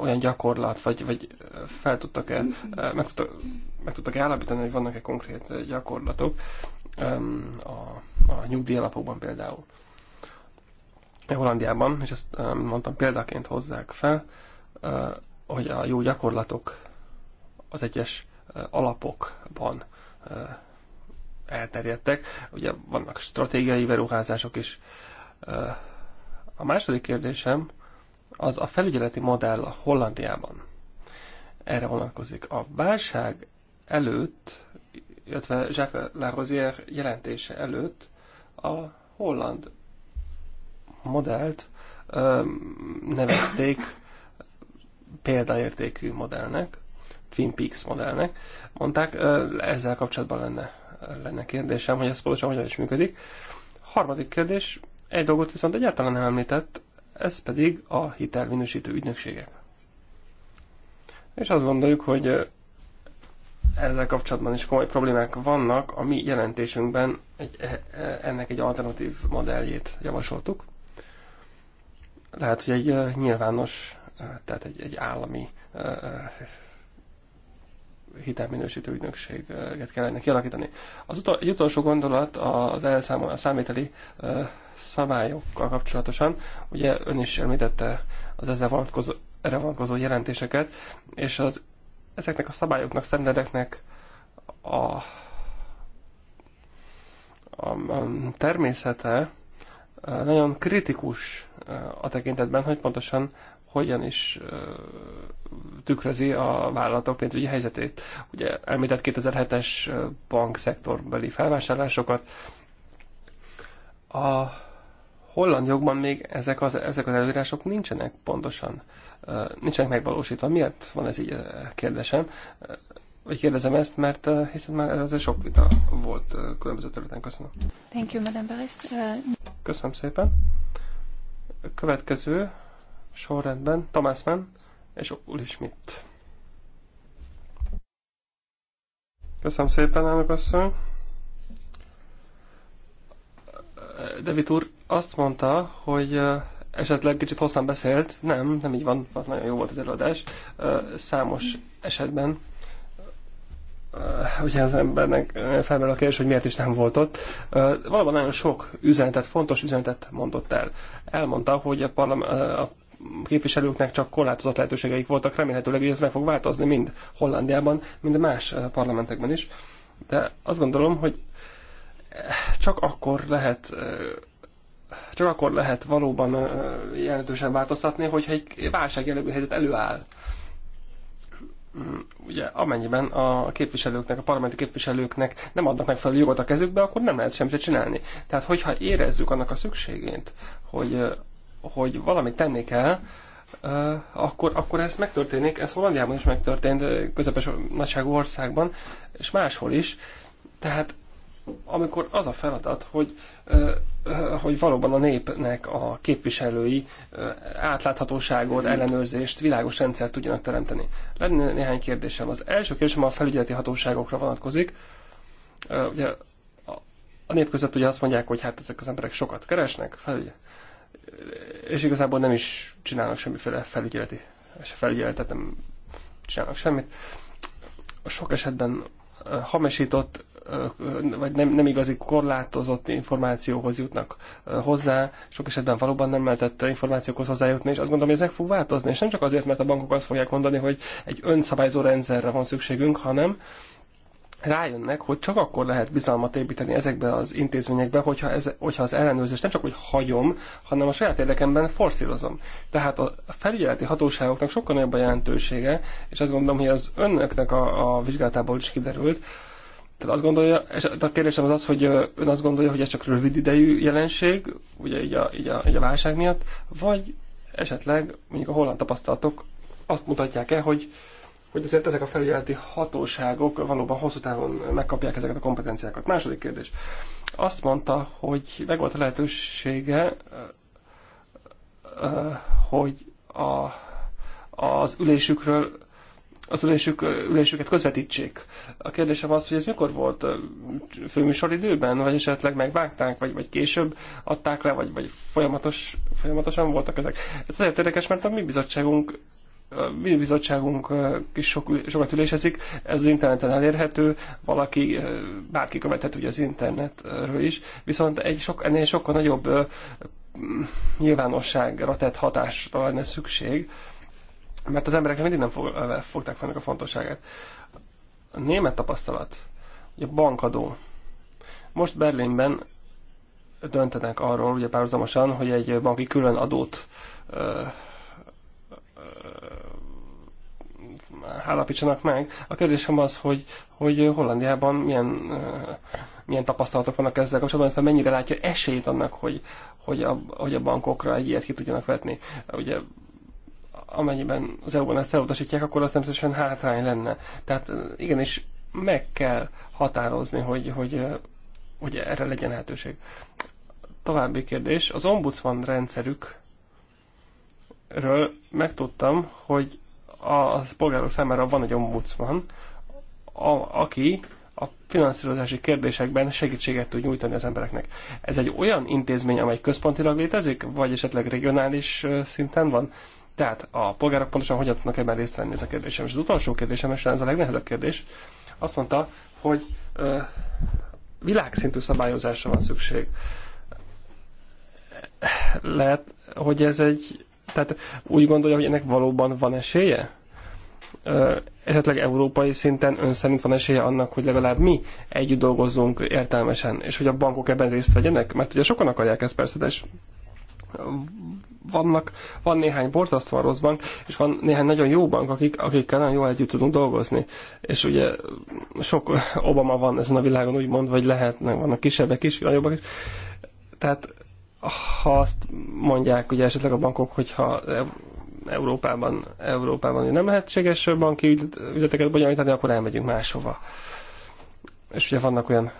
olyan gyakorlat, vagy, vagy fel tudtak-e, meg tudtak, meg állapítani, hogy vannak-e konkrét gyakorlatok, a, a nyugdíjalapokban például. Hollandiában, és ezt mondtam példaként hozzák fel, hogy a jó gyakorlatok az egyes alapokban elterjedtek. Ugye vannak stratégiai beruházások is. A második kérdésem az a felügyeleti modell a Hollandiában. Erre vonatkozik. A válság előtt illetve Jacques Larosier jelentése előtt a holland modellt nevezték példaértékű modellnek, Twin Peaks modellnek, mondták, ezzel kapcsolatban lenne, lenne kérdésem, hogy ez pontosan hogyan is működik. Harmadik kérdés, egy dolgot viszont egyáltalán nem említett, ez pedig a hitelminősítő ügynökségek. És azt gondoljuk, hogy ezzel kapcsolatban is komoly problémák vannak. A mi jelentésünkben egy, e, e, ennek egy alternatív modelljét javasoltuk. Lehet, hogy egy e, nyilvános, tehát egy, egy állami hitelminősítő ügynökséget kellene kialakítani. Az utol, egy utolsó gondolat az a számételi szabályokkal kapcsolatosan. Ugye ön is említette az ezzel vonatkozó, erre vonatkozó jelentéseket, és az ezeknek a szabályoknak, szendereknek a, a, a természete eh, nagyon kritikus eh, a tekintetben, hogy pontosan hogyan is eh, tükrözi a vállalatok pénzügyi helyzetét. Ugye elmített 2007-es bankszektorbeli felvásárlásokat. A holland jogban még ezek az, ezek az előírások nincsenek pontosan nincsenek megvalósítva. Miért van ez így, kérdésem? Vagy kérdezem ezt, mert hiszen már ez sok vita volt különböző területen. Köszönöm. Thank you, Madame Baris. Köszönöm szépen. Következő sorrendben Thomas Mann és Uli Schmidt. Köszönöm szépen, elnök asszony. David úr azt mondta, hogy esetleg kicsit hosszan beszélt, nem, nem így van, nagyon jó volt az előadás. Számos esetben ugye az embernek felmerül a kérdés, hogy miért is nem volt ott. Valóban nagyon sok üzenetet, fontos üzenetet mondott el. Elmondta, hogy a, parlament, képviselőknek csak korlátozott lehetőségeik voltak, remélhetőleg, hogy ez meg fog változni mind Hollandiában, mind más parlamentekben is. De azt gondolom, hogy csak akkor lehet csak akkor lehet valóban jelentősen változtatni, hogyha egy válság jellegű helyzet előáll. Mm, ugye, amennyiben a képviselőknek, a parlamenti képviselőknek nem adnak megfelelő jogot a kezükbe, akkor nem lehet semmit csinálni. Tehát, hogyha érezzük annak a szükségét, hogy, hogy valamit tenni kell, akkor, akkor ez megtörténik, ez Hollandiában is megtörtént, közepes nagyságú országban, és máshol is. Tehát amikor az a feladat, hogy, hogy valóban a népnek a képviselői átláthatóságot, ellenőrzést, világos rendszert tudjanak teremteni. Lenne néhány kérdésem. Az első kérdésem a felügyeleti hatóságokra vonatkozik. Ugye a nép között ugye azt mondják, hogy hát ezek az emberek sokat keresnek, felügy, és igazából nem is csinálnak semmiféle felügyeleti, se felügyeletet nem csinálnak semmit. Sok esetben hamisított vagy nem, nem igazi korlátozott információhoz jutnak hozzá, sok esetben valóban nem lehetett információkhoz hozzájutni, és azt gondolom, hogy ez meg fog változni, és nem csak azért, mert a bankok azt fogják mondani, hogy egy önszabályzó rendszerre van szükségünk, hanem rájönnek, hogy csak akkor lehet bizalmat építeni ezekbe az intézményekbe, hogyha, ez, hogyha az ellenőrzést nem csak hogy hagyom, hanem a saját érdekemben forszírozom. Tehát a felügyeleti hatóságoknak sokkal nagyobb a jelentősége, és azt gondolom, hogy az önöknek a, a vizsgálatából is kiderült, tehát azt gondolja, és a kérdésem az az, hogy ön azt gondolja, hogy ez csak rövid idejű jelenség, ugye így a, így a, így a válság miatt, vagy esetleg mondjuk a holland tapasztalatok azt mutatják-e, hogy, hogy azért ezek a felügyeleti hatóságok valóban hosszú távon megkapják ezeket a kompetenciákat. Második kérdés. Azt mondta, hogy volt a lehetősége, hogy a, az ülésükről az ülésük, ülésüket közvetítsék. A kérdésem az, hogy ez mikor volt főműsoridőben, vagy esetleg megvágták, vagy, vagy később adták le, vagy, vagy folyamatos, folyamatosan voltak ezek. Ez azért érdekes, mert a mi bizottságunk a mi bizottságunk is sok, sokat ülésezik, ez az interneten elérhető, valaki, bárki követhet ugye az internetről is, viszont egy sok, ennél sokkal nagyobb nyilvánosságra tett hatásra lenne szükség, mert az emberek mindig nem fog, eh, fogták fel a fontosságát. A német tapasztalat, hogy a bankadó. Most Berlinben döntenek arról, ugye párhuzamosan, hogy egy banki külön adót eh, eh, állapítsanak meg. A kérdésem az, hogy, hogy Hollandiában milyen, milyen tapasztalatok vannak ezzel kapcsolatban, illetve mennyire látja esélyt annak, hogy, hogy, a, hogy a bankokra egy ilyet ki tudjanak vetni. Ugye amennyiben az EU-ban ezt elutasítják, akkor az természetesen hátrány lenne. Tehát igenis meg kell határozni, hogy, hogy, hogy erre legyen lehetőség. További kérdés. Az ombudsman rendszerükről megtudtam, hogy a polgárok számára van egy ombudsman, a, aki a finanszírozási kérdésekben segítséget tud nyújtani az embereknek. Ez egy olyan intézmény, amely központilag létezik, vagy esetleg regionális szinten van? Tehát a polgárok pontosan hogyan tudnak ebben részt venni ez a kérdésem. És az utolsó kérdésem, és ez a legnehezebb kérdés, azt mondta, hogy ö, világszintű szabályozásra van szükség. Lehet, hogy ez egy... Tehát úgy gondolja, hogy ennek valóban van esélye? Ö, esetleg európai szinten ön szerint van esélye annak, hogy legalább mi együtt dolgozzunk értelmesen, és hogy a bankok ebben részt vegyenek? Mert ugye sokan akarják ezt persze, de vannak, van néhány borzasztóan rossz bank, és van néhány nagyon jó bank, akik, akikkel nagyon jól együtt tudunk dolgozni. És ugye sok Obama van ezen a világon, úgymond, vagy lehetnek, vannak kisebbek is, nagyobbak is. Tehát ha azt mondják ugye esetleg a bankok, hogyha Európában, Európában nem lehetséges banki ügyleteket bonyolítani, akkor elmegyünk máshova és ugye vannak olyan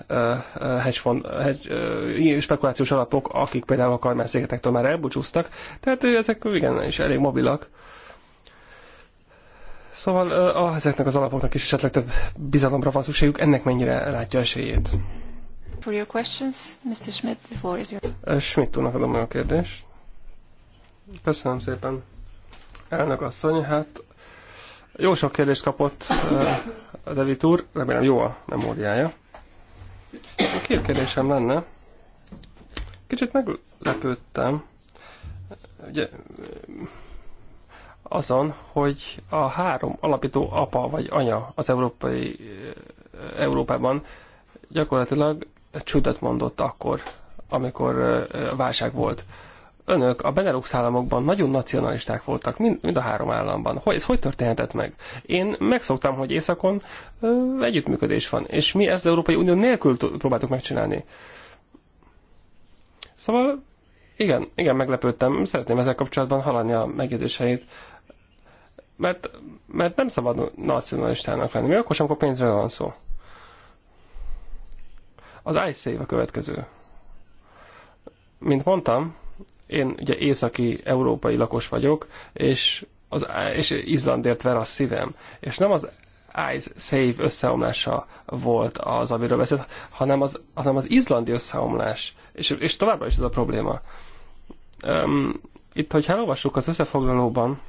hedge fund, hedge, spekulációs alapok, akik például a Karmán-szigetektől már elbúcsúztak, tehát ezek igen, is elég mobilak. Szóval uh, ezeknek az alapoknak is esetleg több bizalomra van szükségük, ennek mennyire látja esélyét? For your questions, Mr. Schmidt, the floor is yours. Schmidt úrnak adom a kérdést. Köszönöm szépen. Elnök asszony, hát jó sok kérdést kapott a eh, David úr, remélem jó a memóriája. Két kérdésem lenne. Kicsit meglepődtem. Ugye, azon, hogy a három alapító apa vagy anya az európai eh, Európában gyakorlatilag csődöt mondott akkor, amikor eh, válság volt önök a Benelux államokban nagyon nacionalisták voltak, mind, mind a három államban. Hogy, ez hogy történhetett meg? Én megszoktam, hogy északon ö, együttműködés van, és mi ezt az Európai Unió nélkül próbáltuk megcsinálni. Szóval igen, igen, meglepődtem. Szeretném ezzel kapcsolatban hallani a megjegyzéseit. Mert, mert nem szabad nacionalistának lenni. Mi akkor sem, amikor pénzről van szó. Az ICE a következő. Mint mondtam, én ugye északi európai lakos vagyok, és, az, és Izlandért ver a szívem. És nem az Ice Save összeomlása volt az, amiről beszélt, hanem az, hanem az izlandi összeomlás. És, és továbbra is ez a probléma. Um, itt, hogyha elolvassuk az összefoglalóban,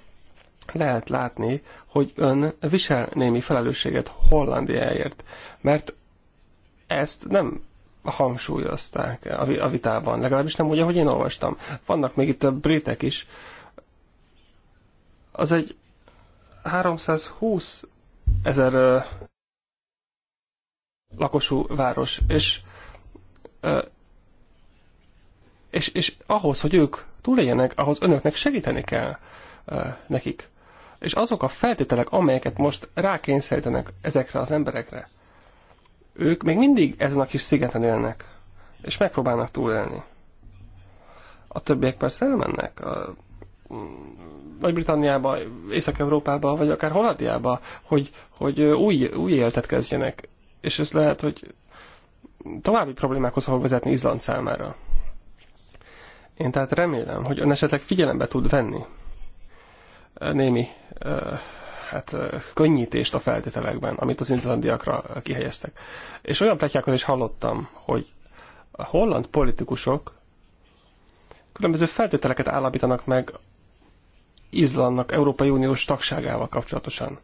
lehet látni, hogy ön visel némi felelősséget Hollandiáért, mert ezt nem hangsúlyozták a vitában, legalábbis nem úgy, ahogy én olvastam. Vannak még itt a britek is. Az egy 320 ezer lakosú város, és, és, és ahhoz, hogy ők túléljenek, ahhoz önöknek segíteni kell nekik. És azok a feltételek, amelyeket most rákényszerítenek ezekre az emberekre, ők még mindig ezen a kis szigeten élnek, és megpróbálnak túlélni. A többiek persze elmennek a mm, Nagy-Britanniába, Észak-Európába, vagy akár Hollandiába, hogy, hogy új, új életet kezdjenek. És ez lehet, hogy további problémákhoz fog vezetni Izland számára. Én tehát remélem, hogy ön esetleg figyelembe tud venni némi hát könnyítést a feltételekben, amit az inzlandiakra kihelyeztek. És olyan pletyákat is hallottam, hogy a holland politikusok különböző feltételeket állapítanak meg Izlandnak Európai Uniós tagságával kapcsolatosan.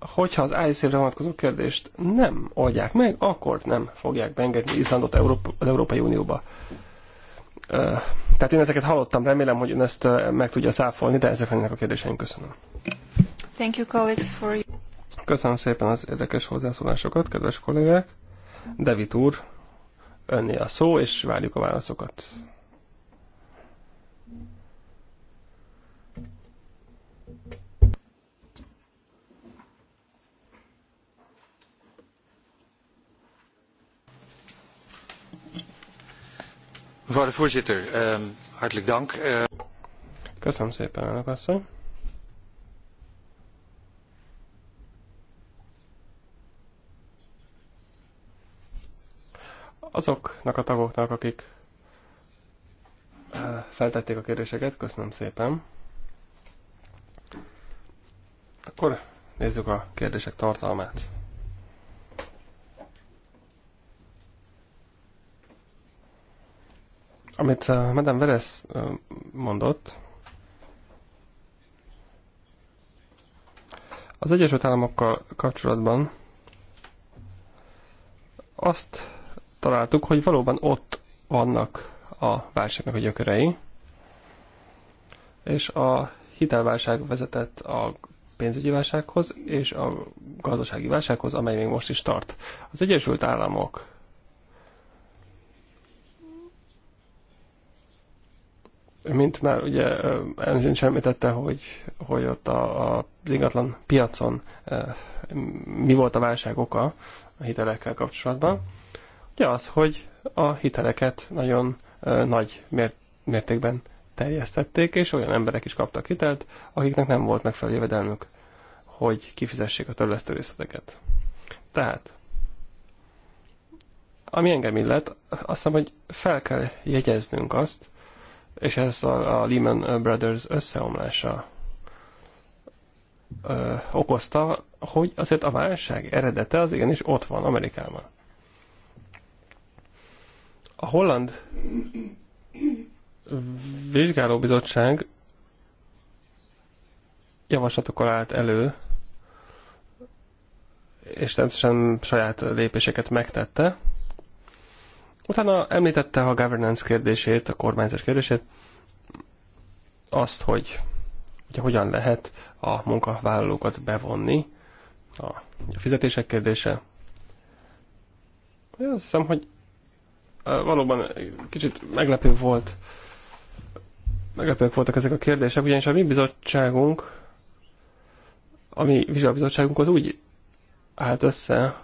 Hogyha az isz re vonatkozó kérdést nem oldják meg, akkor nem fogják beengedni Izlandot az Európai Unióba. Tehát én ezeket hallottam, remélem, hogy ön ezt meg tudja száfolni, de ezek lennének a kérdéseim. Köszönöm. Thank you, colleagues, for... Köszönöm szépen az érdekes hozzászólásokat, kedves kollégák. David úr, önné a szó, és várjuk a válaszokat. Mevrouw de voorzitter, ehm, hartelijk dank. Eh, Köszönöm szépen, elnök asszony. azoknak a tagoknak, akik eh, feltették a kérdéseket, köszönöm szépen. Akkor nézzük a kérdések tartalmát. Amit eh, Madame Veres eh, mondott, az Egyesült Államokkal kapcsolatban azt találtuk, hogy valóban ott vannak a válságnak a gyökerei, és a hitelválság vezetett a pénzügyi válsághoz és a gazdasági válsághoz, amely még most is tart. Az Egyesült Államok mint már ugye Enzsin sem hogy, hogy ott a, a, az ingatlan piacon mi volt a válság oka a hitelekkel kapcsolatban. Mm. Ja, az, hogy a hiteleket nagyon nagy mértékben terjesztették, és olyan emberek is kaptak hitelt, akiknek nem volt megfelelő jövedelmük, hogy kifizessék a törlesztő részleteket. Tehát, ami engem illet, azt hiszem, hogy fel kell jegyeznünk azt, és ez a, a Lehman Brothers összeomlása ö, okozta, hogy azért a válság eredete az igenis ott van Amerikában. A holland vizsgálóbizottság javaslatokkal állt elő, és természetesen saját lépéseket megtette. Utána említette a governance kérdését, a kormányzás kérdését, azt, hogy ugye hogyan lehet a munkavállalókat bevonni, a, a fizetések kérdése. azt hiszem, hogy valóban kicsit meglepő volt, meglepők voltak ezek a kérdések, ugyanis a mi bizottságunk, a mi vizsgálbizottságunk az úgy állt össze,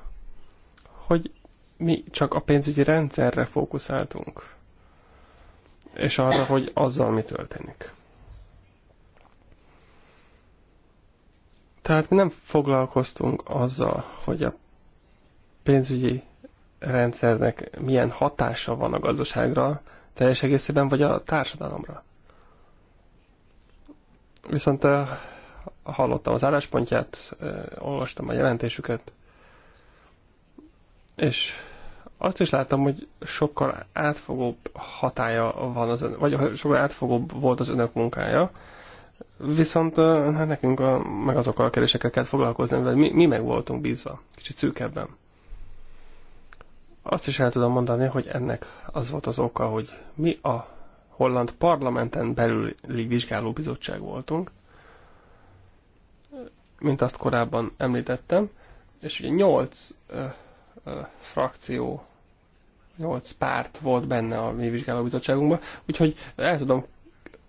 hogy mi csak a pénzügyi rendszerre fókuszáltunk, és arra, hogy azzal mi történik. Tehát mi nem foglalkoztunk azzal, hogy a pénzügyi rendszernek milyen hatása van a gazdaságra teljes egészében, vagy a társadalomra. Viszont hallottam az álláspontját, olvastam a jelentésüket, és azt is láttam, hogy sokkal átfogóbb hatája van az ön, vagy sokkal átfogóbb volt az önök munkája, viszont hát nekünk a, meg azokkal a kérdésekkel kell foglalkozni, mert mi, mi meg voltunk bízva, kicsit szűkebben. Azt is el tudom mondani, hogy ennek az volt az oka, hogy mi a holland parlamenten belüli vizsgálóbizottság voltunk, mint azt korábban említettem, és ugye 8 ö, ö, frakció, 8 párt volt benne a mi vizsgálóbizottságunkban, úgyhogy el tudom,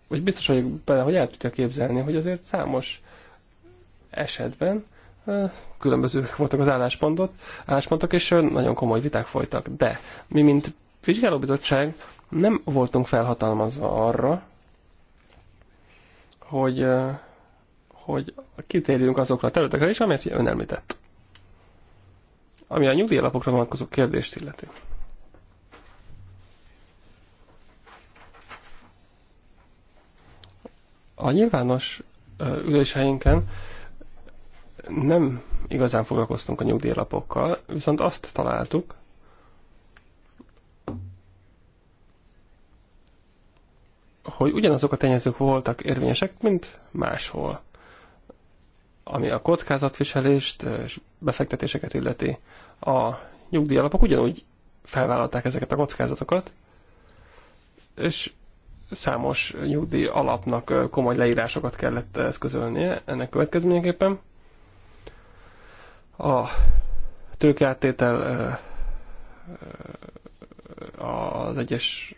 vagy biztos vagyok benne, hogy el tudja képzelni, hogy azért számos esetben különbözők voltak az álláspontot, álláspontok, és nagyon komoly viták folytak. De mi, mint vizsgálóbizottság nem voltunk felhatalmazva arra, hogy, hogy kitérjünk azokra a területekre is, amelyet ön említett. Ami a nyugdíjalapokra vonatkozó kérdést illeti. A nyilvános üléseinken nem igazán foglalkoztunk a nyugdíjlapokkal, viszont azt találtuk, hogy ugyanazok a tényezők voltak érvényesek, mint máshol, ami a kockázatviselést és befektetéseket illeti. A nyugdíjalapok ugyanúgy felvállalták ezeket a kockázatokat, és számos nyugdíj alapnak komoly leírásokat kellett eszközölnie ennek következményeképpen a tőkeáttétel az egyes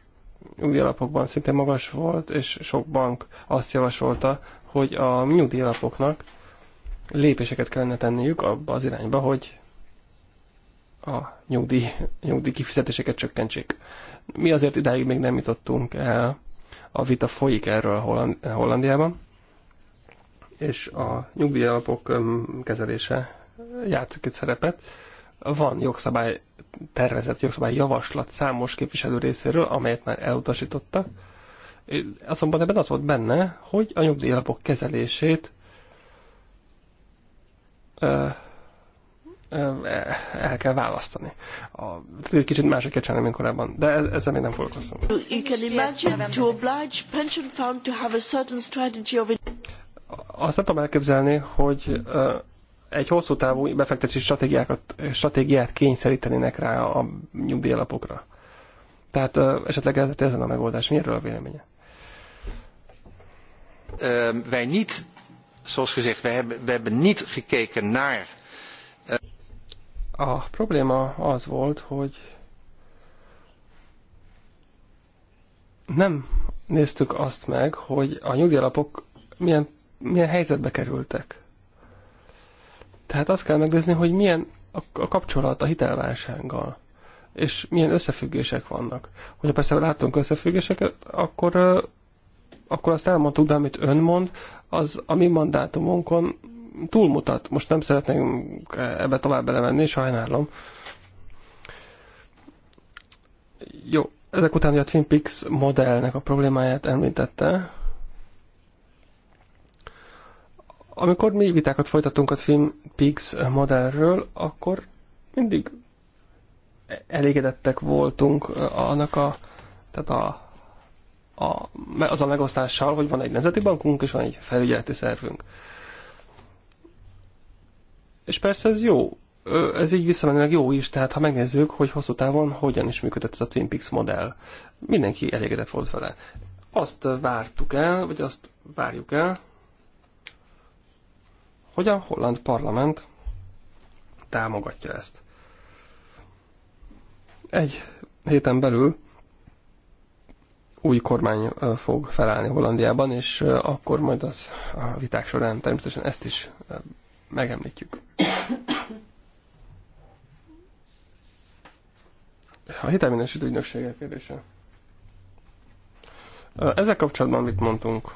nyugdíjalapokban szinte magas volt, és sok bank azt javasolta, hogy a nyugdíjalapoknak lépéseket kellene tenniük abba az irányba, hogy a nyugdíj, nyugdíj kifizetéseket csökkentsék. Mi azért idáig még nem jutottunk el, a vita folyik erről a Hollandiában, és a nyugdíjalapok kezelése játszik egy szerepet. Van jogszabály tervezett, jogszabály javaslat számos képviselő részéről, amelyet már elutasítottak. Azonban ebben az volt benne, hogy a nyugdíjlapok kezelését el kell választani. A, egy kicsit mások kell csinálni, mint korábban, de e, ezzel még nem foglalkoztam. Azt nem tudom elképzelni, hogy egy hosszú távú befektetési stratégiákat, stratégiát kényszerítenének rá a nyugdíjalapokra. Tehát esetleg ezen a megoldás. Mi erről a véleménye? Wij niet, zoals gezegd, we hebben, we hebben niet gekeken naar... A probléma az volt, hogy nem néztük azt meg, hogy a nyugdíjalapok milyen, milyen helyzetbe kerültek tehát azt kell megnézni, hogy milyen a kapcsolat a hitelválsággal, és milyen összefüggések vannak. Hogyha persze látunk összefüggéseket, akkor, akkor azt elmondtuk, de amit ön mond, az a mi mandátumunkon túlmutat. Most nem szeretnénk ebbe tovább belemenni, sajnálom. Jó, ezek után ugye a Twin Peaks modellnek a problémáját említette. amikor mi vitákat folytatunk a Twin Peaks modellről, akkor mindig elégedettek voltunk annak a, tehát a, a, az a megosztással, hogy van egy nemzeti bankunk és van egy felügyeleti szervünk. És persze ez jó, ez így visszamenőleg jó is, tehát ha megnézzük, hogy hosszú távon hogyan is működött ez a Twin Peaks modell, mindenki elégedett volt vele. Azt vártuk el, vagy azt várjuk el, hogy a holland parlament támogatja ezt. Egy héten belül új kormány fog felállni Hollandiában, és akkor majd az a viták során természetesen ezt is megemlítjük. A hitelminősítő ügynökségek kérdése. Ezzel kapcsolatban mit mondtunk?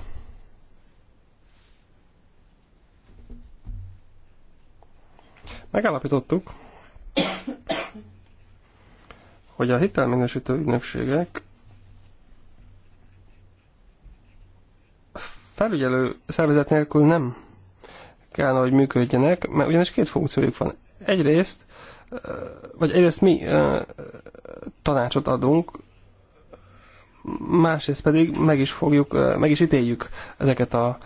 Megállapítottuk, hogy a hitelminősítő ügynökségek felügyelő szervezet nélkül nem kellene, hogy működjenek, mert ugyanis két funkciójuk van. Egyrészt, vagy egyrészt mi tanácsot adunk, másrészt pedig meg is fogjuk, meg is ítéljük ezeket a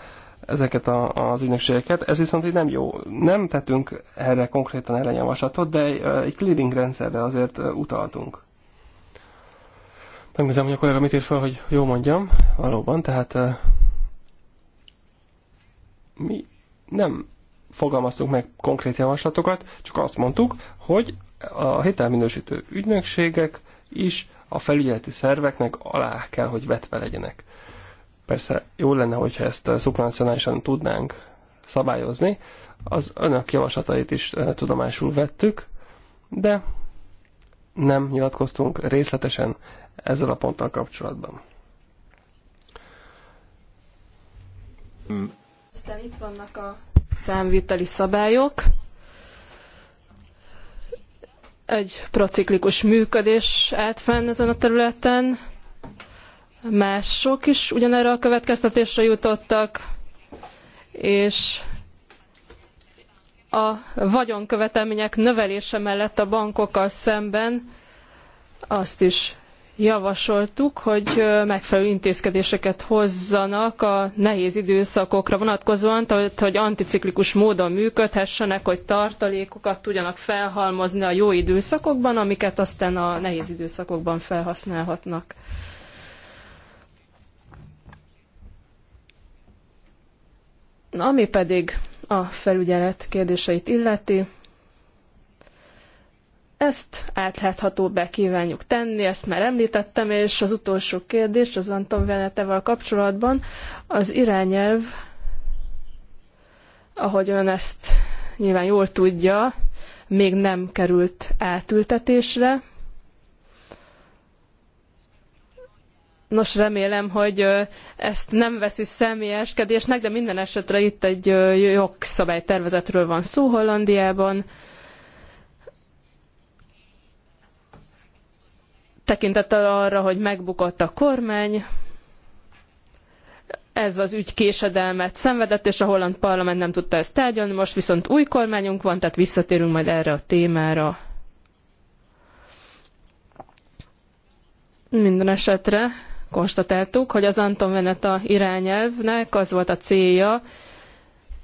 ezeket a, az ügynökségeket, ez viszont így nem jó. Nem tettünk erre konkrétan ellenjavaslatot, de egy clearing rendszerre azért utaltunk. Megnézem, hogy a kollega mit ír fel, hogy jó mondjam, valóban, tehát mi nem fogalmaztunk meg konkrét javaslatokat, csak azt mondtuk, hogy a hitelminősítő ügynökségek is a felügyeleti szerveknek alá kell, hogy vetve legyenek. Persze jó lenne, hogyha ezt szupranacionálisan tudnánk szabályozni. Az önök javaslatait is tudomásul vettük, de nem nyilatkoztunk részletesen ezzel a ponttal kapcsolatban. Aztán itt vannak a számviteli szabályok. Egy prociklikus működés állt fenn ezen a területen. Mások is ugyanerre a következtetésre jutottak, és a vagyonkövetelmények növelése mellett a bankokkal szemben azt is javasoltuk, hogy megfelelő intézkedéseket hozzanak a nehéz időszakokra vonatkozóan, tehát hogy anticiklikus módon működhessenek, hogy tartalékokat tudjanak felhalmozni a jó időszakokban, amiket aztán a nehéz időszakokban felhasználhatnak. Ami pedig a felügyelet kérdéseit illeti, ezt átlátható be kívánjuk tenni, ezt már említettem, és az utolsó kérdés az Anton Venetevel kapcsolatban, az irányelv, ahogy ön ezt nyilván jól tudja, még nem került átültetésre, Nos, remélem, hogy ezt nem veszi személyeskedésnek, de minden esetre itt egy jogszabálytervezetről van szó Hollandiában. Tekintettel arra, hogy megbukott a kormány, ez az ügy késedelmet szenvedett, és a holland parlament nem tudta ezt tárgyalni, most viszont új kormányunk van, tehát visszatérünk majd erre a témára. Minden esetre konstatáltuk, hogy az Anton Veneta irányelvnek az volt a célja,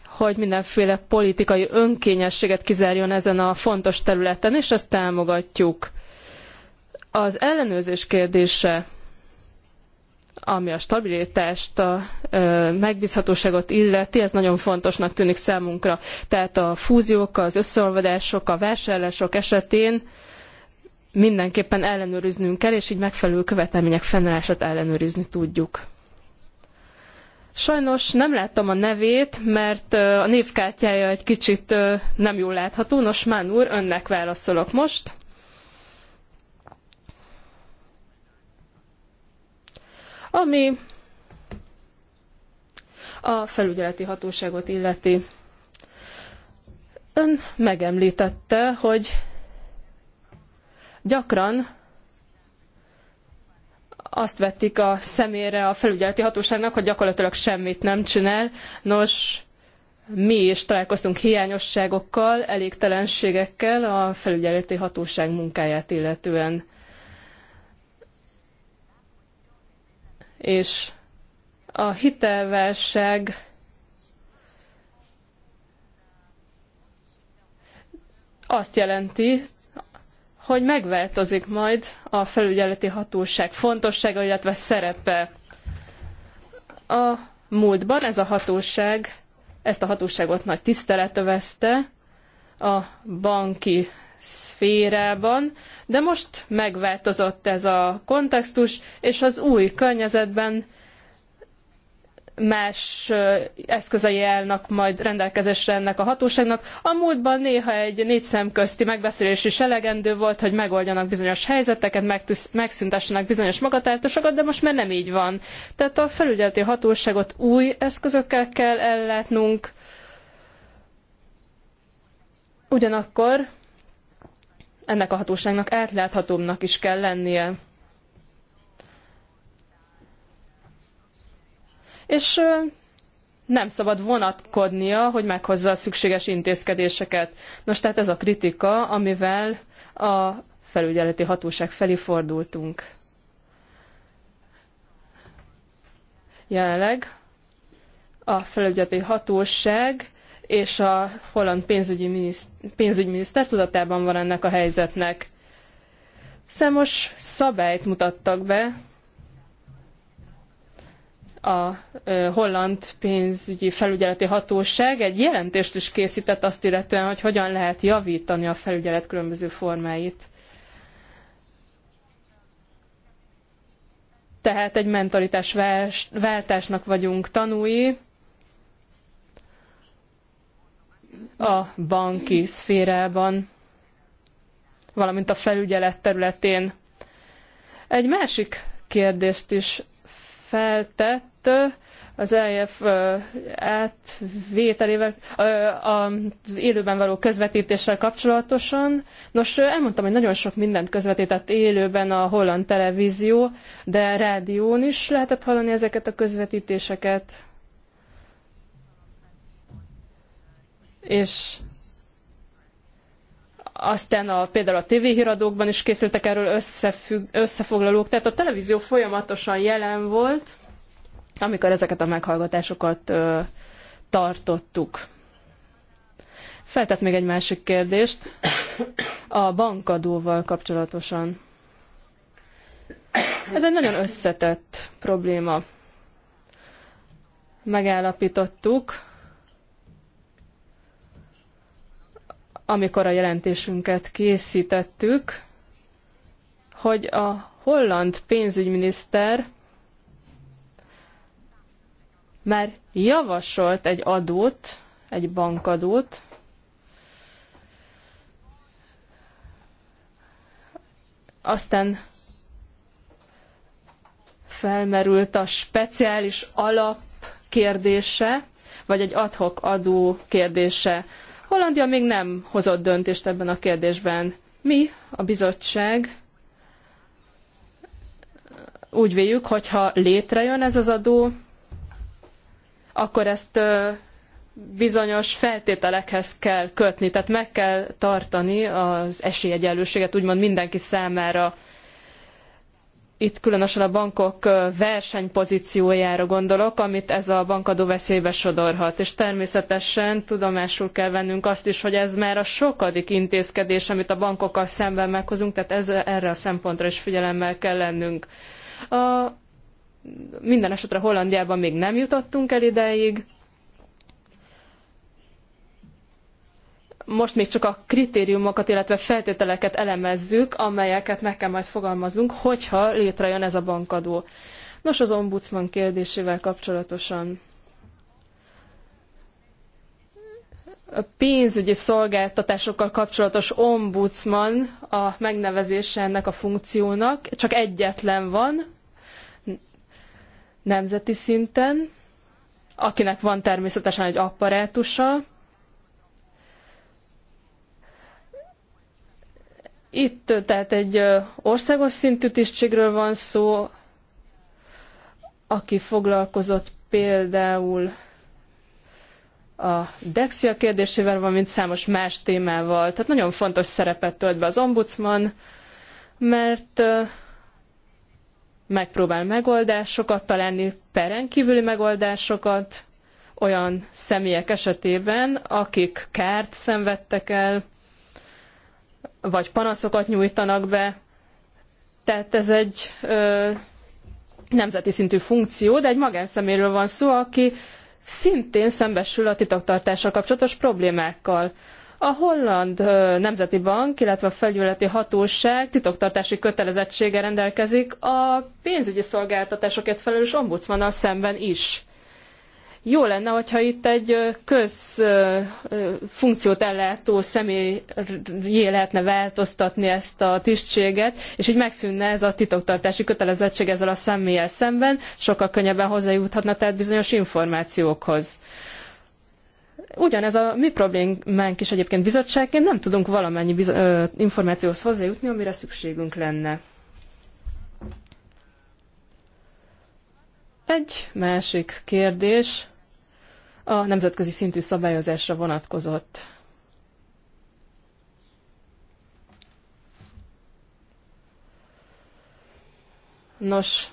hogy mindenféle politikai önkényességet kizárjon ezen a fontos területen, és ezt támogatjuk. Az ellenőrzés kérdése, ami a stabilitást, a ö, megbízhatóságot illeti, ez nagyon fontosnak tűnik számunkra. Tehát a fúziók, az összeolvadások, a vásárlások esetén mindenképpen ellenőriznünk kell, és így megfelelő követelmények fennállását ellenőrizni tudjuk. Sajnos nem láttam a nevét, mert a névkártyája egy kicsit nem jól látható. Nos, Mán úr, önnek válaszolok most. Ami a felügyeleti hatóságot illeti. Ön megemlítette, hogy gyakran azt vették a szemére a felügyeleti hatóságnak, hogy gyakorlatilag semmit nem csinál. Nos, mi is találkoztunk hiányosságokkal, elégtelenségekkel a felügyeleti hatóság munkáját illetően. És a hitelválság azt jelenti hogy megváltozik majd a felügyeleti hatóság fontossága, illetve szerepe. A múltban ez a hatóság, ezt a hatóságot nagy tisztelet övezte a banki szférában, de most megváltozott ez a kontextus, és az új környezetben más eszközei állnak majd rendelkezésre ennek a hatóságnak. A múltban néha egy négy szemközti megbeszélés is elegendő volt, hogy megoldjanak bizonyos helyzeteket, megszüntessenek bizonyos magatartásokat, de most már nem így van. Tehát a felügyeleti hatóságot új eszközökkel kell ellátnunk. Ugyanakkor ennek a hatóságnak átláthatóbbnak is kell lennie. és nem szabad vonatkodnia, hogy meghozza a szükséges intézkedéseket. Nos, tehát ez a kritika, amivel a felügyeleti hatóság felé fordultunk. Jelenleg a felügyeleti hatóság és a holland pénzügyi pénzügyminiszter tudatában van ennek a helyzetnek. Számos szabályt mutattak be, a holland pénzügyi felügyeleti hatóság egy jelentést is készített azt illetően, hogy hogyan lehet javítani a felügyelet különböző formáit. Tehát egy mentalitás váltásnak vagyunk tanúi a banki szférában, valamint a felügyelet területén. Egy másik kérdést is feltett, mellett az EIF átvételével, az élőben való közvetítéssel kapcsolatosan. Nos, elmondtam, hogy nagyon sok mindent közvetített élőben a holland televízió, de rádión is lehetett hallani ezeket a közvetítéseket. És aztán a, például a tévéhíradókban is készültek erről összefoglalók, tehát a televízió folyamatosan jelen volt, amikor ezeket a meghallgatásokat ö, tartottuk. Feltett még egy másik kérdést a bankadóval kapcsolatosan. Ez egy nagyon összetett probléma. Megállapítottuk, amikor a jelentésünket készítettük, hogy a holland pénzügyminiszter már javasolt egy adót, egy bankadót, aztán felmerült a speciális alap kérdése, vagy egy adhok adó kérdése. Hollandia még nem hozott döntést ebben a kérdésben. Mi, a bizottság, úgy véljük, hogyha létrejön ez az adó, akkor ezt bizonyos feltételekhez kell kötni, tehát meg kell tartani az esélyegyenlőséget úgymond mindenki számára. Itt különösen a bankok versenypozíciójára gondolok, amit ez a bankadó veszélybe sodorhat. És természetesen tudomásul kell vennünk azt is, hogy ez már a sokadik intézkedés, amit a bankokkal szemben meghozunk, tehát ez, erre a szempontra is figyelemmel kell lennünk. A minden esetre Hollandiában még nem jutottunk el ideig. Most még csak a kritériumokat, illetve feltételeket elemezzük, amelyeket meg kell majd fogalmazunk, hogyha létrejön ez a bankadó. Nos, az ombudsman kérdésével kapcsolatosan. A pénzügyi szolgáltatásokkal kapcsolatos ombudsman a megnevezése ennek a funkciónak, csak egyetlen van, nemzeti szinten, akinek van természetesen egy apparátusa. Itt tehát egy országos szintű tisztségről van szó, aki foglalkozott például a Dexia kérdésével, valamint számos más témával. Tehát nagyon fontos szerepet tölt be az ombudsman, mert megpróbál megoldásokat találni, perenkívüli megoldásokat olyan személyek esetében, akik kárt szenvedtek el, vagy panaszokat nyújtanak be. Tehát ez egy ö, nemzeti szintű funkció, de egy magánszeméről van szó, aki szintén szembesül a titoktartással kapcsolatos problémákkal. A holland nemzeti bank, illetve a felügyeleti hatóság titoktartási kötelezettsége rendelkezik a pénzügyi szolgáltatásokért felelős ombudsmannal szemben is. Jó lenne, hogyha itt egy közfunkciót ellátó személyé lehetne változtatni ezt a tisztséget, és így megszűnne ez a titoktartási kötelezettség ezzel a személlyel szemben, sokkal könnyebben hozzájuthatna tehát bizonyos információkhoz. Ugyanez a mi problémánk is egyébként bizottságként, nem tudunk valamennyi biz- ö, információhoz hozzájutni, amire szükségünk lenne. Egy másik kérdés a nemzetközi szintű szabályozásra vonatkozott. Nos,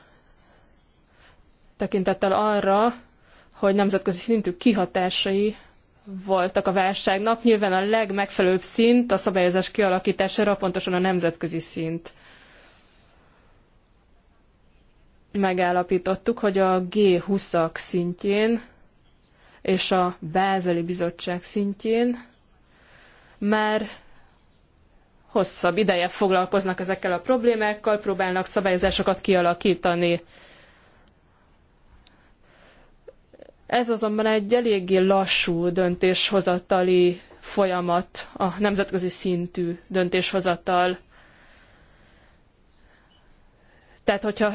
tekintettel arra, hogy nemzetközi szintű kihatásai voltak a válságnak. Nyilván a legmegfelelőbb szint a szabályozás kialakítására pontosan a nemzetközi szint. Megállapítottuk, hogy a G20-ak szintjén és a Bázeli Bizottság szintjén már hosszabb ideje foglalkoznak ezekkel a problémákkal, próbálnak szabályozásokat kialakítani. Ez azonban egy eléggé lassú döntéshozatali folyamat, a nemzetközi szintű döntéshozatal. Tehát, hogyha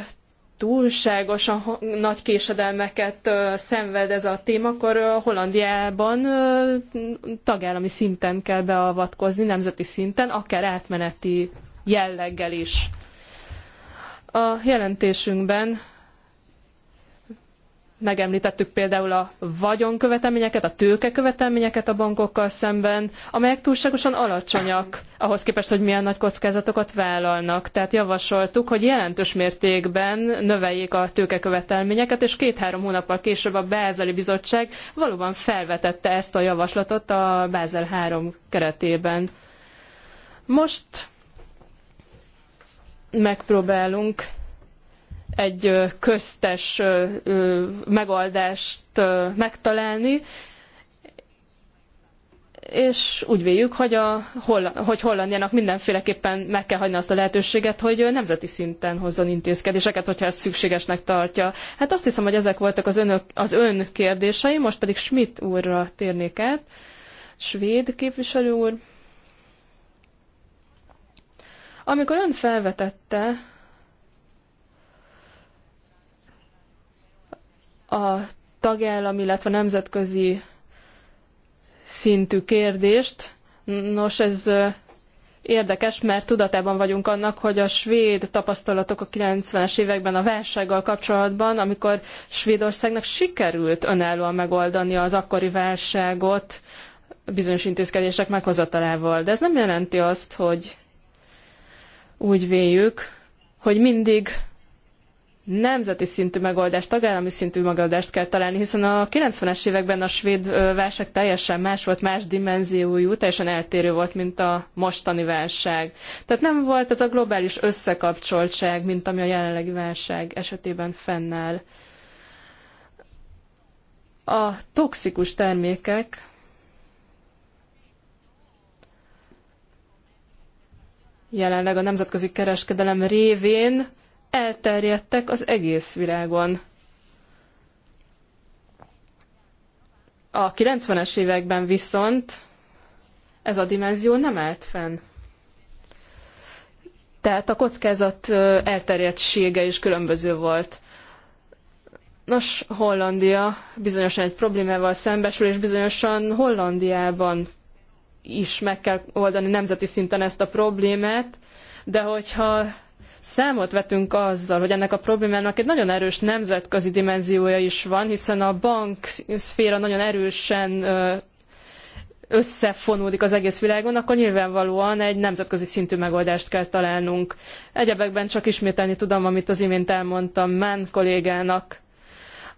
túlságosan nagy késedelmeket szenved ez a téma, akkor Hollandiában tagállami szinten kell beavatkozni, nemzeti szinten, akár átmeneti jelleggel is. A jelentésünkben Megemlítettük például a vagyonkövetelményeket, a tőkekövetelményeket a bankokkal szemben, amelyek túlságosan alacsonyak ahhoz képest, hogy milyen nagy kockázatokat vállalnak. Tehát javasoltuk, hogy jelentős mértékben növeljék a tőkekövetelményeket, és két-három hónappal később a Bázeli Bizottság valóban felvetette ezt a javaslatot a Bázel 3 keretében. Most megpróbálunk egy köztes megoldást megtalálni, és úgy véljük, hogy, a, hogy Hollandiának mindenféleképpen meg kell hagyni azt a lehetőséget, hogy nemzeti szinten hozzon intézkedéseket, hogyha ezt szükségesnek tartja. Hát azt hiszem, hogy ezek voltak az, önök, az ön kérdései, most pedig Schmidt úrra térnék át, svéd képviselő úr. Amikor ön felvetette a tagállam, illetve nemzetközi szintű kérdést. Nos, ez érdekes, mert tudatában vagyunk annak, hogy a svéd tapasztalatok a 90-es években a válsággal kapcsolatban, amikor Svédországnak sikerült önállóan megoldani az akkori válságot bizonyos intézkedések meghozatalával. De ez nem jelenti azt, hogy úgy véljük, hogy mindig nemzeti szintű megoldást, tagállami szintű megoldást kell találni, hiszen a 90-es években a svéd válság teljesen más volt, más dimenziójú, teljesen eltérő volt, mint a mostani válság. Tehát nem volt ez a globális összekapcsoltság, mint ami a jelenlegi válság esetében fennáll. A toxikus termékek jelenleg a nemzetközi kereskedelem révén elterjedtek az egész világon. A 90-es években viszont ez a dimenzió nem állt fenn. Tehát a kockázat elterjedtsége is különböző volt. Nos, Hollandia bizonyosan egy problémával szembesül, és bizonyosan Hollandiában is meg kell oldani nemzeti szinten ezt a problémát, de hogyha Számot vetünk azzal, hogy ennek a problémának egy nagyon erős nemzetközi dimenziója is van, hiszen a bank szféra nagyon erősen összefonódik az egész világon, akkor nyilvánvalóan egy nemzetközi szintű megoldást kell találnunk. Egyebekben csak ismételni tudom, amit az imént elmondtam Mann kollégának.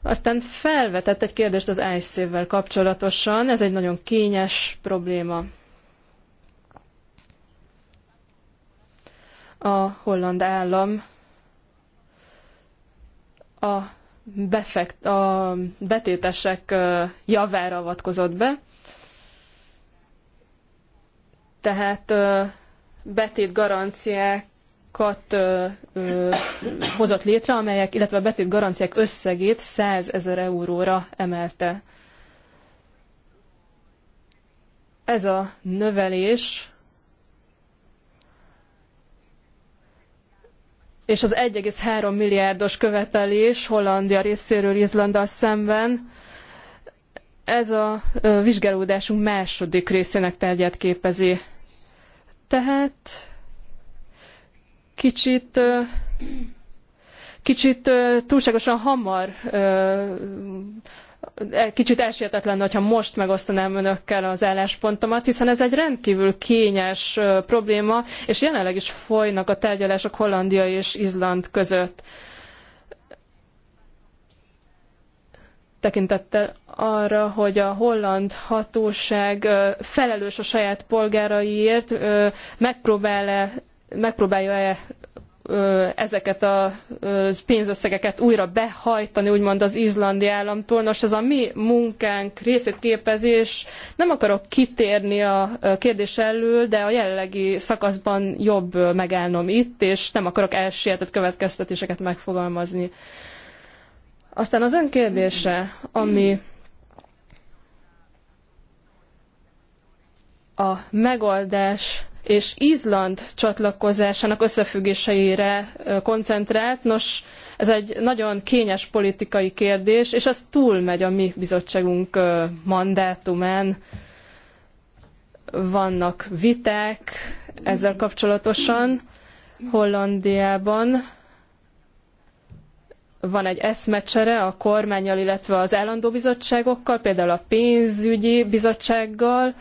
Aztán felvetett egy kérdést az ice vel kapcsolatosan, ez egy nagyon kényes probléma. a holland állam a, befekt, a betétesek javára avatkozott be. Tehát betét garanciákat hozott létre, amelyek, illetve a betét garanciák összegét 100 ezer euróra emelte. Ez a növelés és az 1,3 milliárdos követelés Hollandia részéről Izlanddal szemben, ez a vizsgálódásunk második részének tárgyát képezi. Tehát kicsit kicsit túlságosan hamar Kicsit elsietetlen, hogyha most megosztanám önökkel az álláspontomat, hiszen ez egy rendkívül kényes probléma, és jelenleg is folynak a tárgyalások Hollandia és Izland között. tekintettel arra, hogy a holland hatóság felelős a saját polgáraiért, megpróbál-e megpróbálja-e ezeket a pénzösszegeket újra behajtani, úgymond az izlandi államtól. Nos, ez a mi munkánk részét képezés. Nem akarok kitérni a kérdés elől, de a jelenlegi szakaszban jobb megállnom itt, és nem akarok elsietett következtetéseket megfogalmazni. Aztán az ön kérdése, ami a megoldás és Izland csatlakozásának összefüggéseire koncentrált. Nos, ez egy nagyon kényes politikai kérdés, és ez túlmegy a mi bizottságunk mandátumán. Vannak viták ezzel kapcsolatosan. Hollandiában van egy eszmecsere a kormányjal, illetve az állandó bizottságokkal, például a pénzügyi bizottsággal,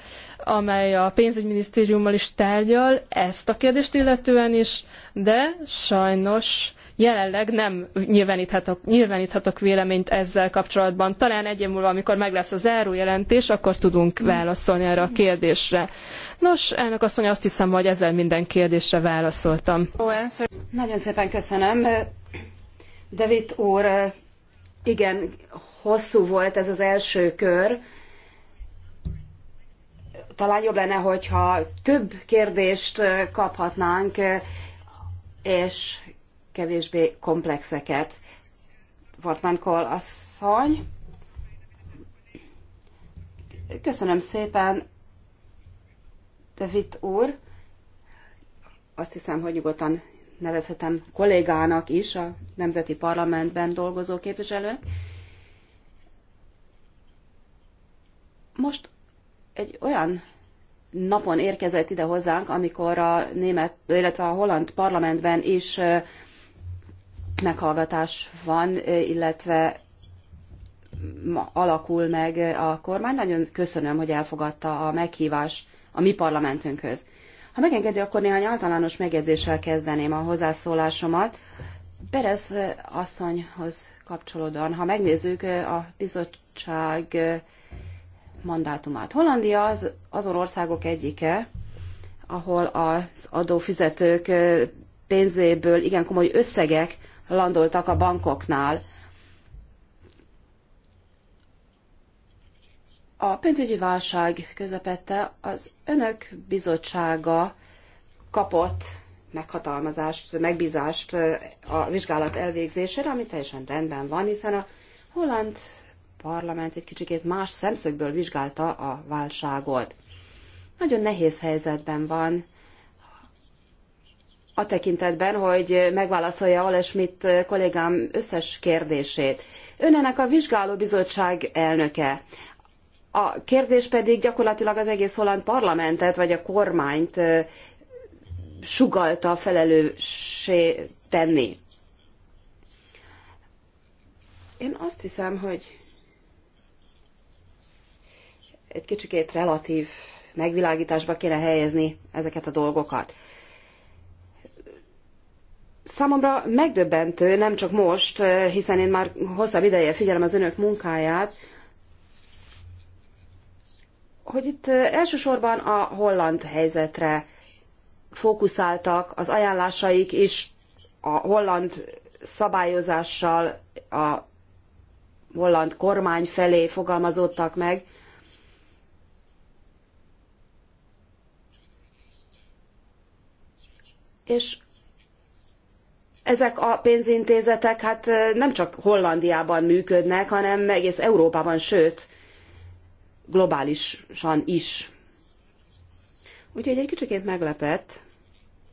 amely a pénzügyminisztériummal is tárgyal ezt a kérdést illetően is, de sajnos jelenleg nem nyilváníthatok, nyilváníthatok véleményt ezzel kapcsolatban. Talán egy év múlva, amikor meg lesz a zárójelentés, akkor tudunk válaszolni erre a kérdésre. Nos, elnök asszony, azt hiszem, hogy ezzel minden kérdésre válaszoltam. Nagyon szépen köszönöm. David úr, igen, hosszú volt ez az első kör talán jobb lenne, hogyha több kérdést kaphatnánk, és kevésbé komplexeket. Wortmann Kohl asszony. Köszönöm szépen, David úr. Azt hiszem, hogy nyugodtan nevezhetem kollégának is a Nemzeti Parlamentben dolgozó képviselőnek. Most egy olyan napon érkezett ide hozzánk, amikor a német, illetve a holland parlamentben is meghallgatás van, illetve alakul meg a kormány. Nagyon köszönöm, hogy elfogadta a meghívás a mi parlamentünkhöz. Ha megengedi, akkor néhány általános megjegyzéssel kezdeném a hozzászólásomat. Perez asszonyhoz kapcsolódóan, ha megnézzük a bizottság mandátumát. Hollandia az azon országok egyike, ahol az adófizetők pénzéből igen komoly összegek landoltak a bankoknál. A pénzügyi válság közepette az önök bizottsága kapott meghatalmazást, megbízást a vizsgálat elvégzésére, ami teljesen rendben van, hiszen a holland parlament egy kicsikét más szemszögből vizsgálta a válságot. Nagyon nehéz helyzetben van a tekintetben, hogy megválaszolja Olesmit kollégám összes kérdését. Ön ennek a vizsgálóbizottság elnöke. A kérdés pedig gyakorlatilag az egész holland parlamentet vagy a kormányt sugalta felelőssé tenni. Én azt hiszem, hogy egy kicsikét relatív megvilágításba kéne helyezni ezeket a dolgokat. Számomra megdöbbentő, nem csak most, hiszen én már hosszabb ideje figyelem az önök munkáját, hogy itt elsősorban a holland helyzetre fókuszáltak, az ajánlásaik is a holland szabályozással a holland kormány felé fogalmazódtak meg. és ezek a pénzintézetek hát nem csak Hollandiában működnek, hanem egész Európában, sőt, globálisan is. Úgyhogy egy kicsiként meglepett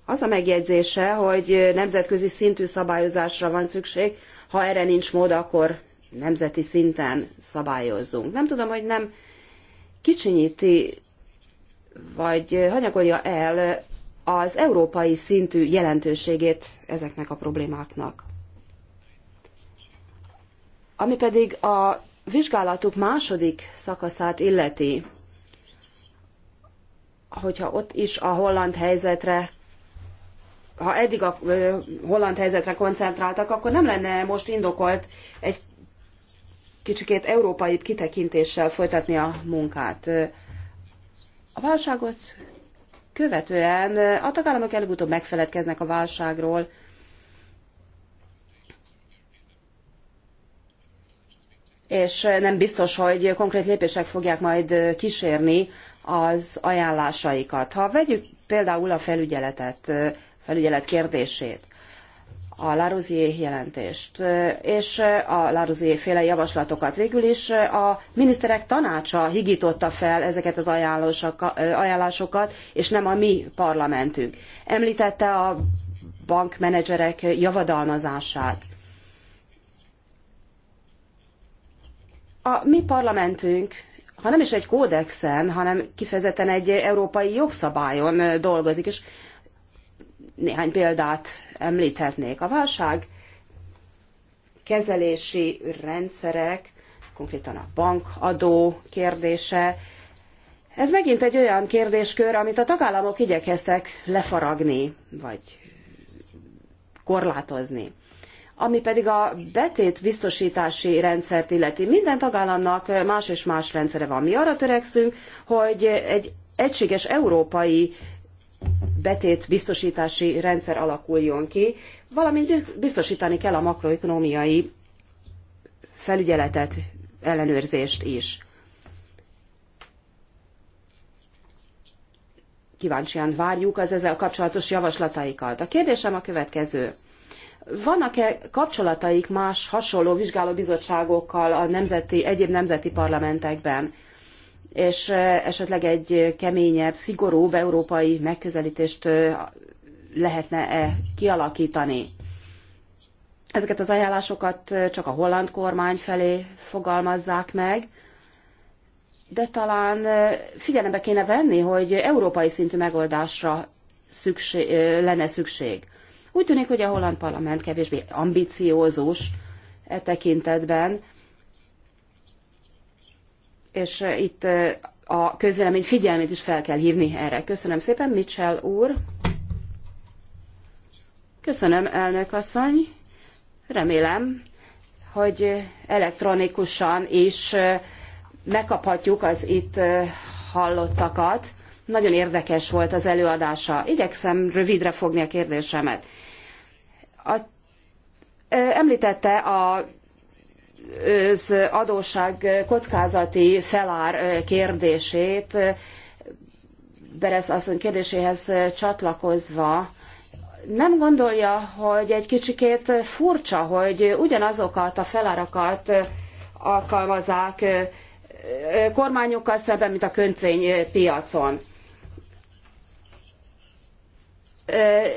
az a megjegyzése, hogy nemzetközi szintű szabályozásra van szükség, ha erre nincs mód, akkor nemzeti szinten szabályozzunk. Nem tudom, hogy nem kicsinyíti vagy hanyagolja el az európai szintű jelentőségét ezeknek a problémáknak. Ami pedig a vizsgálatuk második szakaszát illeti, hogyha ott is a holland helyzetre ha eddig a holland helyzetre koncentráltak, akkor nem lenne most indokolt egy kicsikét európai kitekintéssel folytatni a munkát. A válságot követően a tagállamok előbb-utóbb megfeledkeznek a válságról, és nem biztos, hogy konkrét lépések fogják majd kísérni az ajánlásaikat. Ha vegyük például a felügyeletet, felügyelet kérdését, a Larozier jelentést és a Larozier féle javaslatokat. Végül is a miniszterek tanácsa higította fel ezeket az ajánlásokat, és nem a mi parlamentünk. Említette a bankmenedzserek javadalmazását. A mi parlamentünk ha nem is egy kódexen, hanem kifejezetten egy európai jogszabályon dolgozik, és néhány példát említhetnék. A válság kezelési rendszerek, konkrétan a bankadó kérdése, ez megint egy olyan kérdéskör, amit a tagállamok igyekeztek lefaragni, vagy korlátozni. Ami pedig a betét biztosítási rendszert illeti, minden tagállamnak más és más rendszere van. Mi arra törekszünk, hogy egy egységes európai betét biztosítási rendszer alakuljon ki, valamint biztosítani kell a makroökonomiai felügyeletet, ellenőrzést is. Kíváncsian várjuk az ezzel kapcsolatos javaslataikat. A kérdésem a következő. Vannak-e kapcsolataik más hasonló vizsgálóbizottságokkal a nemzeti, egyéb nemzeti parlamentekben? és esetleg egy keményebb, szigorúbb európai megközelítést lehetne-e kialakítani. Ezeket az ajánlásokat csak a holland kormány felé fogalmazzák meg, de talán figyelembe kéne venni, hogy európai szintű megoldásra szükség, lenne szükség. Úgy tűnik, hogy a holland parlament kevésbé ambiciózus e tekintetben, és eh, itt eh, a közvélemény figyelmét is fel kell hívni erre. Köszönöm szépen, Mitchell úr. Köszönöm, elnök asszony. Remélem, hogy elektronikusan is eh, megkaphatjuk az itt hallottakat. Nagyon érdekes volt az előadása. Igyekszem rövidre fogni a kérdésemet. A, említette a az adósság kockázati felár kérdését, Beresz asszony kérdéséhez csatlakozva, nem gondolja, hogy egy kicsikét furcsa, hogy ugyanazokat a felárakat alkalmazzák kormányokkal szemben, mint a kötvénypiacon.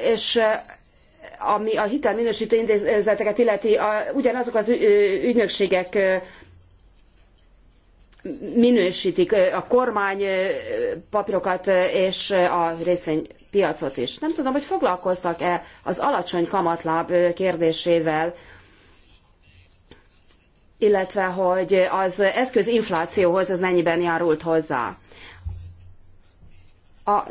És ami a hitelminőstő intézeteket illeti, ugyanazok az ügynökségek minősítik a kormány papírokat és a részvénypiacot is. Nem tudom, hogy foglalkoztak-e az alacsony kamatláb kérdésével, illetve hogy az eszköz inflációhoz ez mennyiben járult hozzá. A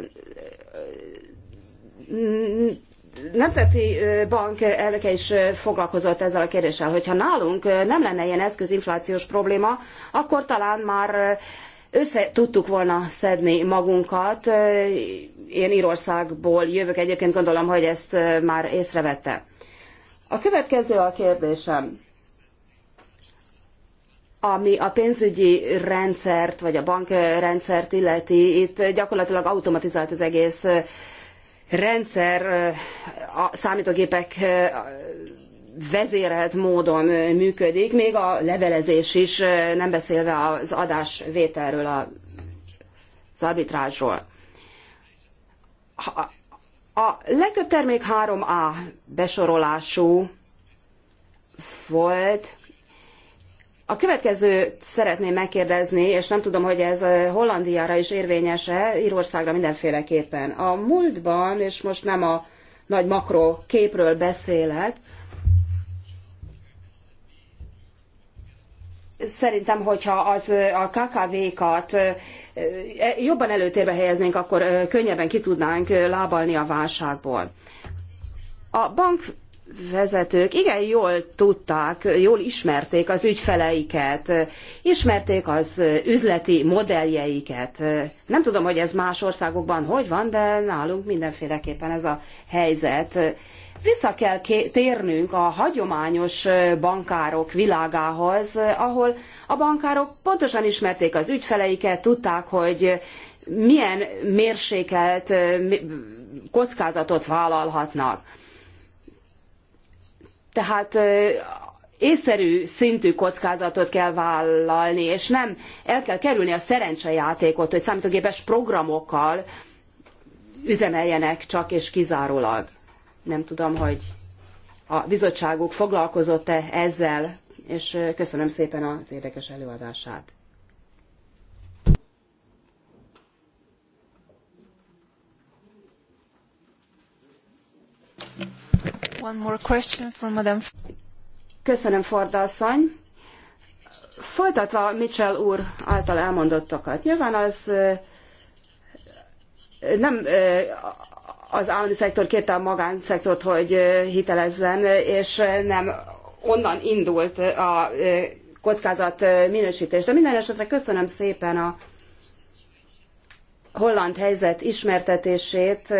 Nemzeti Bank elnöke is foglalkozott ezzel a kérdéssel, hogyha nálunk nem lenne ilyen eszközinflációs probléma, akkor talán már össze tudtuk volna szedni magunkat. Én Írországból jövök, egyébként gondolom, hogy ezt már észrevette. A következő a kérdésem ami a pénzügyi rendszert, vagy a bankrendszert illeti, itt gyakorlatilag automatizált az egész rendszer a számítógépek vezérelt módon működik, még a levelezés is, nem beszélve az adásvételről, az arbitrázsról. A legtöbb termék 3A besorolású volt, a következőt szeretném megkérdezni, és nem tudom, hogy ez Hollandiára is érvényes-e, Írországra mindenféleképpen. A múltban, és most nem a nagy makro képről beszélek, szerintem, hogyha az a KKV-kat jobban előtérbe helyeznénk, akkor könnyebben ki tudnánk lábalni a válságból. A bank vezetők igen jól tudták, jól ismerték az ügyfeleiket, ismerték az üzleti modelljeiket. Nem tudom, hogy ez más országokban hogy van, de nálunk mindenféleképpen ez a helyzet. Vissza kell térnünk a hagyományos bankárok világához, ahol a bankárok pontosan ismerték az ügyfeleiket, tudták, hogy milyen mérsékelt kockázatot vállalhatnak tehát észszerű szintű kockázatot kell vállalni, és nem el kell kerülni a szerencsejátékot, hogy számítógépes programokkal üzemeljenek csak és kizárólag. Nem tudom, hogy a bizottságuk foglalkozott-e ezzel, és köszönöm szépen az érdekes előadását. One more question from Madame. Köszönöm, Ford asszony. Folytatva Mitchell úr által elmondottakat, nyilván az nem az állami szektor kérte a magánszektort, hogy hitelezzen, és nem onnan indult a kockázat minősítés. De minden esetre köszönöm szépen a holland helyzet ismertetését,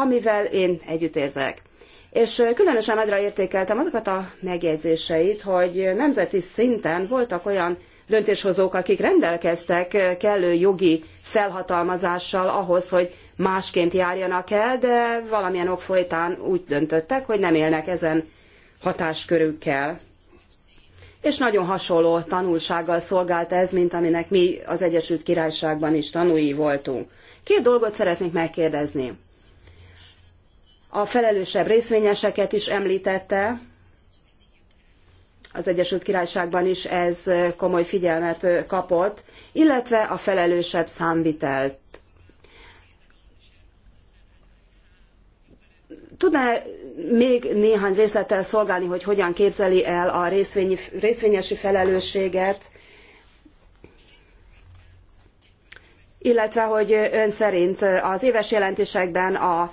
amivel én érzek. És különösen nagyra értékeltem azokat a megjegyzéseit, hogy nemzeti szinten voltak olyan döntéshozók, akik rendelkeztek kellő jogi felhatalmazással ahhoz, hogy másként járjanak el, de valamilyen ok folytán úgy döntöttek, hogy nem élnek ezen hatáskörükkel. És nagyon hasonló tanulsággal szolgált ez, mint aminek mi az Egyesült Királyságban is tanúi voltunk. Két dolgot szeretnék megkérdezni. A felelősebb részvényeseket is említette. Az Egyesült Királyságban is ez komoly figyelmet kapott, illetve a felelősebb számvitelt. Tudná még néhány részlettel szolgálni, hogy hogyan képzeli el a részvényi, részvényesi felelősséget, illetve hogy ön szerint az éves jelentésekben a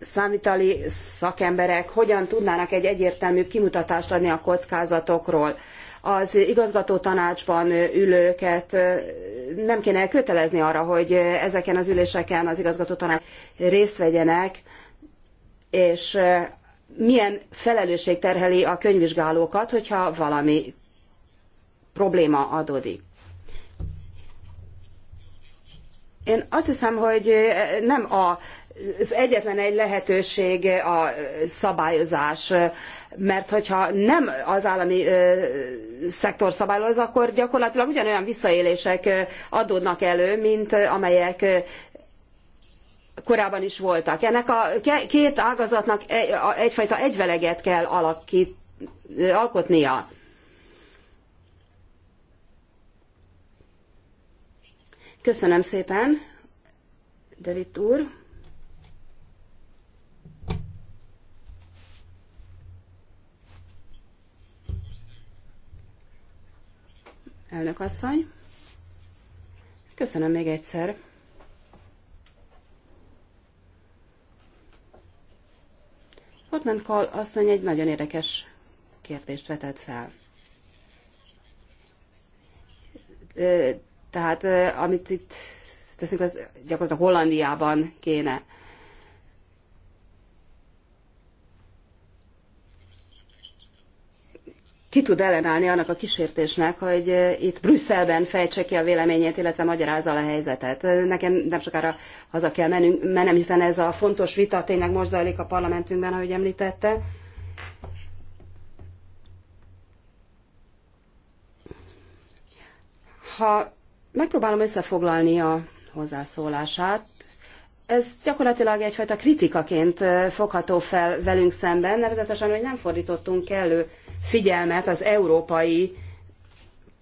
számítali szakemberek hogyan tudnának egy egyértelmű kimutatást adni a kockázatokról. Az igazgató tanácsban ülőket nem kéne kötelezni arra, hogy ezeken az üléseken az igazgató tanács részt vegyenek, és milyen felelősség terheli a könyvvizsgálókat, hogyha valami probléma adódik. Én azt hiszem, hogy nem a az egyetlen egy lehetőség a szabályozás, mert hogyha nem az állami szektor szabályoz, akkor gyakorlatilag ugyanolyan visszaélések adódnak elő, mint amelyek korábban is voltak. Ennek a két ágazatnak egyfajta egyveleget kell alakít, alkotnia. Köszönöm szépen, David úr. Elnök asszony. Köszönöm még egyszer. Hotman Kall asszony egy nagyon érdekes kérdést vetett fel. Tehát amit itt teszünk, az gyakorlatilag Hollandiában kéne ki tud ellenállni annak a kísértésnek, hogy eh, itt Brüsszelben fejtse ki a véleményét, illetve magyarázza a helyzetet. Eh, nekem nem sokára haza kell mennünk, mennem, hiszen ez a fontos vita tényleg most zajlik a parlamentünkben, ahogy említette. Ha megpróbálom összefoglalni a hozzászólását, ez gyakorlatilag egyfajta kritikaként fogható fel velünk szemben, nevezetesen, hogy nem fordítottunk kellő figyelmet az európai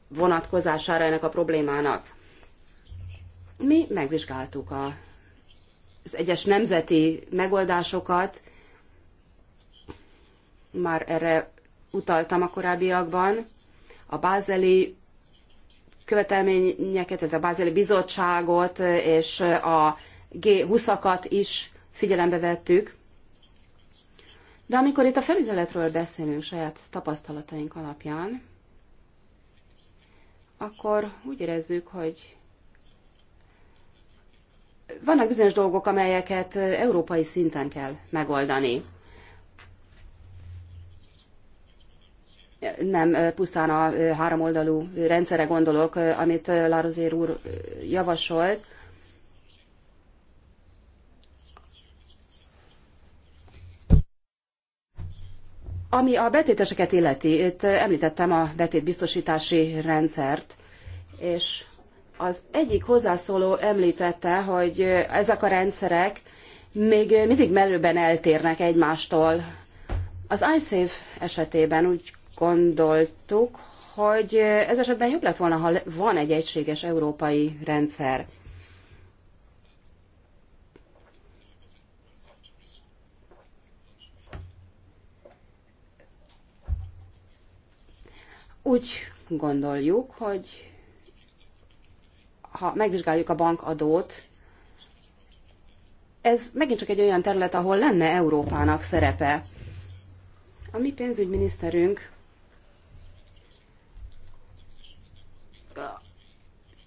vonatkozására ennek a problémának. Mi megvizsgáltuk a, az egyes nemzeti megoldásokat, már erre utaltam a korábbiakban, a bázeli követelményeket, tehát a bázeli bizottságot és a G20-akat is figyelembe vettük. De amikor itt a felügyeletről beszélünk saját tapasztalataink alapján, akkor úgy érezzük, hogy vannak bizonyos dolgok, amelyeket európai szinten kell megoldani. Nem pusztán a háromoldalú rendszere gondolok, amit Larozér úr javasolt, Ami a betéteseket illeti, itt említettem a betétbiztosítási rendszert, és az egyik hozzászóló említette, hogy ezek a rendszerek még mindig merőben eltérnek egymástól. Az iSafe esetében úgy gondoltuk, hogy ez esetben jobb lett volna, ha van egy egységes európai rendszer. Úgy gondoljuk, hogy ha megvizsgáljuk a bankadót, ez megint csak egy olyan terület, ahol lenne Európának szerepe. A mi pénzügyminiszterünk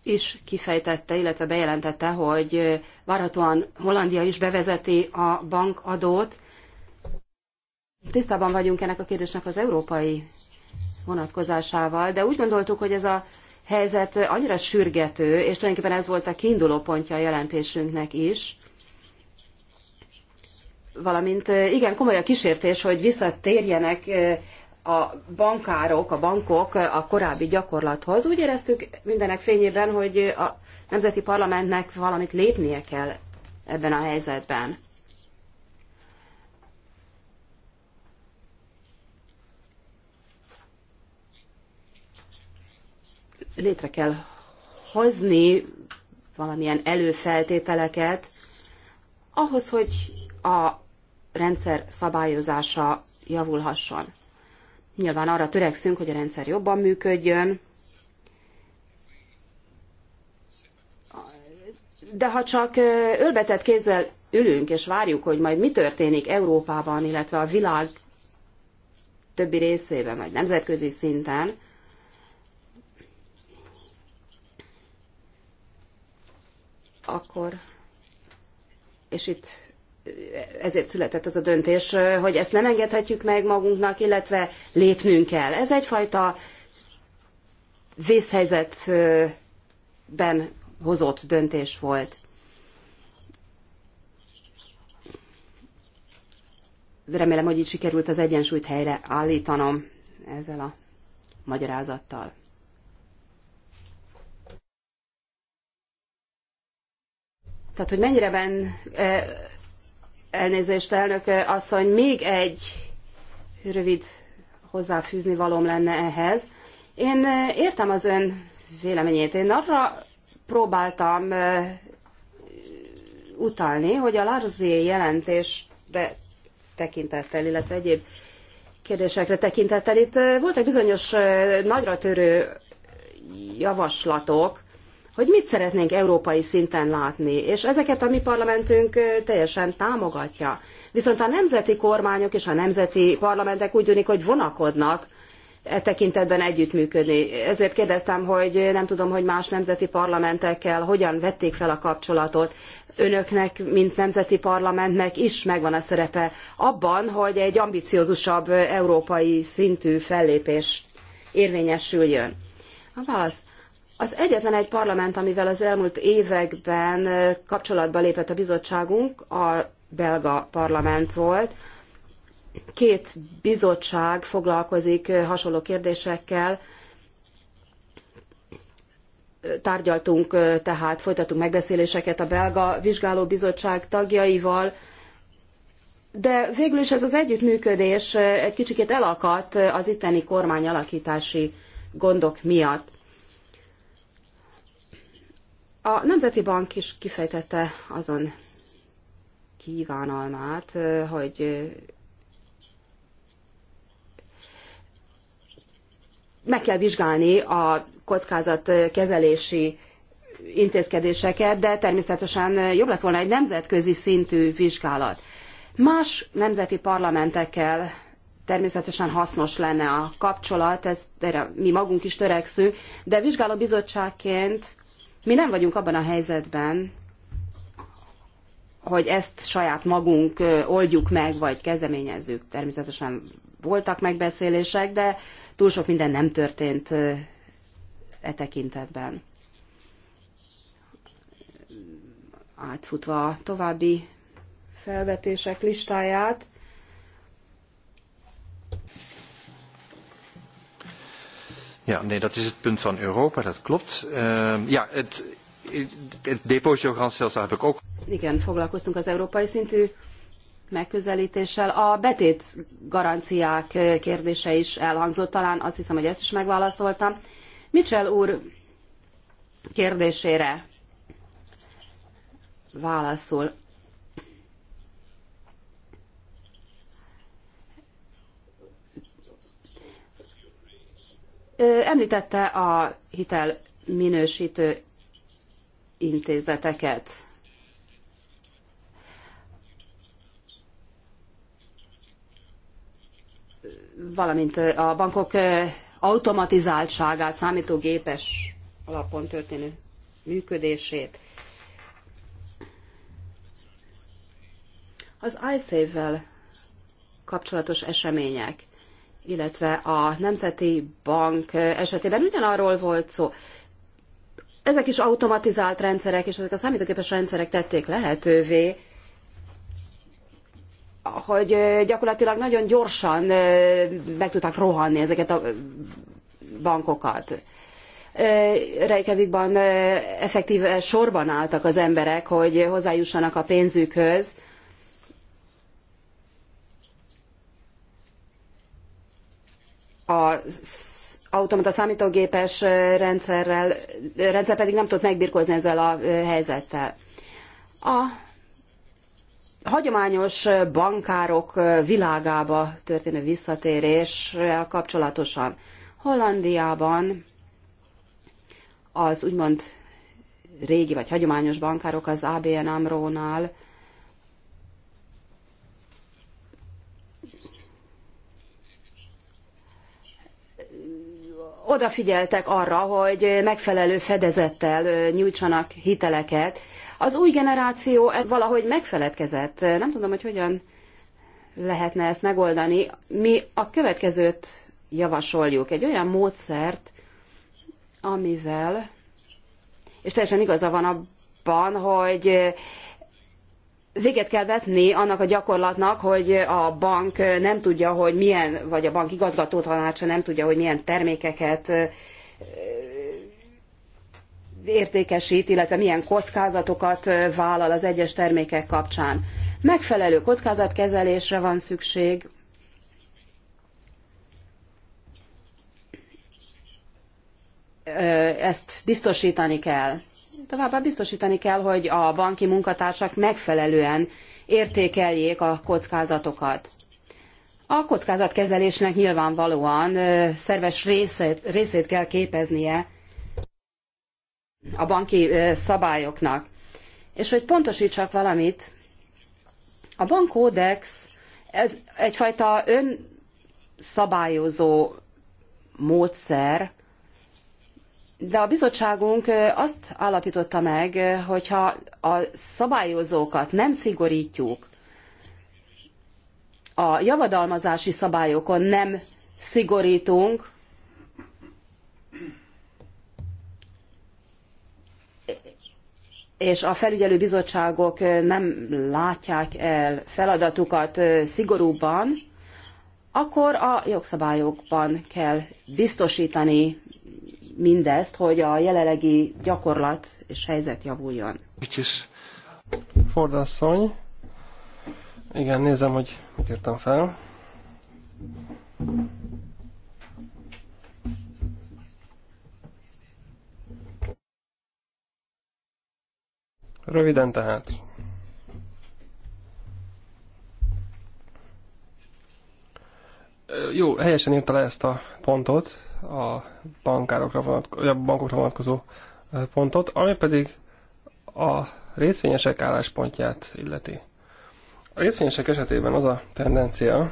is kifejtette, illetve bejelentette, hogy várhatóan Hollandia is bevezeti a bankadót. Tisztában vagyunk ennek a kérdésnek az európai vonatkozásával, de úgy gondoltuk, hogy ez a helyzet annyira sürgető, és tulajdonképpen ez volt a kiinduló pontja a jelentésünknek is, valamint eh, igen komoly a kísértés, hogy visszatérjenek eh, a bankárok, a bankok a korábbi gyakorlathoz. Úgy éreztük mindenek fényében, hogy a Nemzeti Parlamentnek valamit lépnie kell ebben a helyzetben. létre kell hozni valamilyen előfeltételeket ahhoz, hogy a rendszer szabályozása javulhasson. Nyilván arra törekszünk, hogy a rendszer jobban működjön, de ha csak ölbetett kézzel ülünk és várjuk, hogy majd mi történik Európában, illetve a világ többi részében, vagy nemzetközi szinten, akkor, és itt ezért született ez a döntés, hogy ezt nem engedhetjük meg magunknak, illetve lépnünk kell. Ez egyfajta vészhelyzetben hozott döntés volt. Remélem, hogy így sikerült az egyensúlyt Állítanom ezzel a magyarázattal. Tehát, hogy mennyire van elnézést, elnök asszony, még egy rövid hozzáfűzni valom lenne ehhez. Én értem az ön véleményét. Én arra próbáltam utalni, hogy a Larzé jelentésre tekintettel, illetve egyéb kérdésekre tekintettel itt voltak bizonyos nagyra törő javaslatok, hogy mit szeretnénk európai szinten látni, és ezeket a mi parlamentünk teljesen támogatja. Viszont a nemzeti kormányok és a nemzeti parlamentek úgy tűnik, hogy vonakodnak e tekintetben együttműködni. Ezért kérdeztem, hogy nem tudom, hogy más nemzeti parlamentekkel hogyan vették fel a kapcsolatot. Önöknek, mint nemzeti parlamentnek is megvan a szerepe abban, hogy egy ambiciózusabb európai szintű fellépés érvényesüljön. A válasz az egyetlen egy parlament, amivel az elmúlt években kapcsolatba lépett a bizottságunk, a belga parlament volt. Két bizottság foglalkozik hasonló kérdésekkel. Tárgyaltunk, tehát folytattunk megbeszéléseket a belga vizsgálóbizottság tagjaival, de végül is ez az együttműködés egy kicsikét elakadt az itteni kormányalakítási gondok miatt. A Nemzeti Bank is kifejtette azon kívánalmát, hogy meg kell vizsgálni a kezelési intézkedéseket, de természetesen jobb lett volna egy nemzetközi szintű vizsgálat. Más nemzeti parlamentekkel természetesen hasznos lenne a kapcsolat, ezt erre mi magunk is törekszünk, de vizsgálóbizottságként mi nem vagyunk abban a helyzetben, hogy ezt saját magunk oldjuk meg, vagy kezdeményezzük. Természetesen voltak megbeszélések, de túl sok minden nem történt e tekintetben. Átfutva a további felvetések listáját, Ja, nee, dat is het punt van Europa, dat klopt. Uh, ja, het, het depositogarantiestelsel heb ik ook. Igen, foglalkoztunk az európai szintű megközelítéssel. A betét garanciák eh, kérdése is elhangzott, talán azt hiszem, hogy ezt is megválaszoltam. Mitchell úr kérdésére válaszol. Említette a hitel minősítő intézeteket. valamint a bankok automatizáltságát, számítógépes alapon történő működését. Az iSave-vel kapcsolatos események illetve a Nemzeti Bank esetében ugyanarról volt szó. Ezek is automatizált rendszerek, és ezek a számítógépes rendszerek tették lehetővé, hogy gyakorlatilag nagyon gyorsan meg tudták rohanni ezeket a bankokat. Reykjavikban effektíve sorban álltak az emberek, hogy hozzájussanak a pénzükhöz, az automata számítógépes rendszerrel, rendszer pedig nem tudott megbirkózni ezzel a helyzettel. A hagyományos bankárok világába történő visszatéréssel kapcsolatosan Hollandiában az úgymond régi vagy hagyományos bankárok az ABN AMRO-nál odafigyeltek arra, hogy megfelelő fedezettel nyújtsanak hiteleket. Az új generáció e- valahogy megfeledkezett. Nem tudom, hogy hogyan lehetne ezt megoldani. Mi a következőt javasoljuk. Egy olyan módszert, amivel, és teljesen igaza van abban, hogy véget kell vetni annak a gyakorlatnak, hogy a bank nem tudja, hogy milyen, vagy a bank igazgató tanácsa nem tudja, hogy milyen termékeket értékesít, illetve milyen kockázatokat vállal az egyes termékek kapcsán. Megfelelő kockázatkezelésre van szükség, ezt biztosítani kell. Továbbá biztosítani kell, hogy a banki munkatársak megfelelően értékeljék a kockázatokat. A kockázatkezelésnek nyilvánvalóan szerves részét, részét kell képeznie a banki szabályoknak. És hogy pontosítsak valamit, a bankkódex ez egyfajta önszabályozó módszer, de a bizottságunk azt állapította meg, hogyha a szabályozókat nem szigorítjuk, a javadalmazási szabályokon nem szigorítunk, és a felügyelő bizottságok nem látják el feladatukat szigorúbban, akkor a jogszabályokban kell biztosítani mindezt, hogy a jelenlegi gyakorlat és helyzet javuljon. Fordasszony. Igen, nézem, hogy mit írtam fel. Röviden tehát. Jó, helyesen írta le ezt a pontot, a, bankárokra vonatko- a bankokra vonatkozó pontot, ami pedig a részvényesek álláspontját illeti. A részvényesek esetében az a tendencia,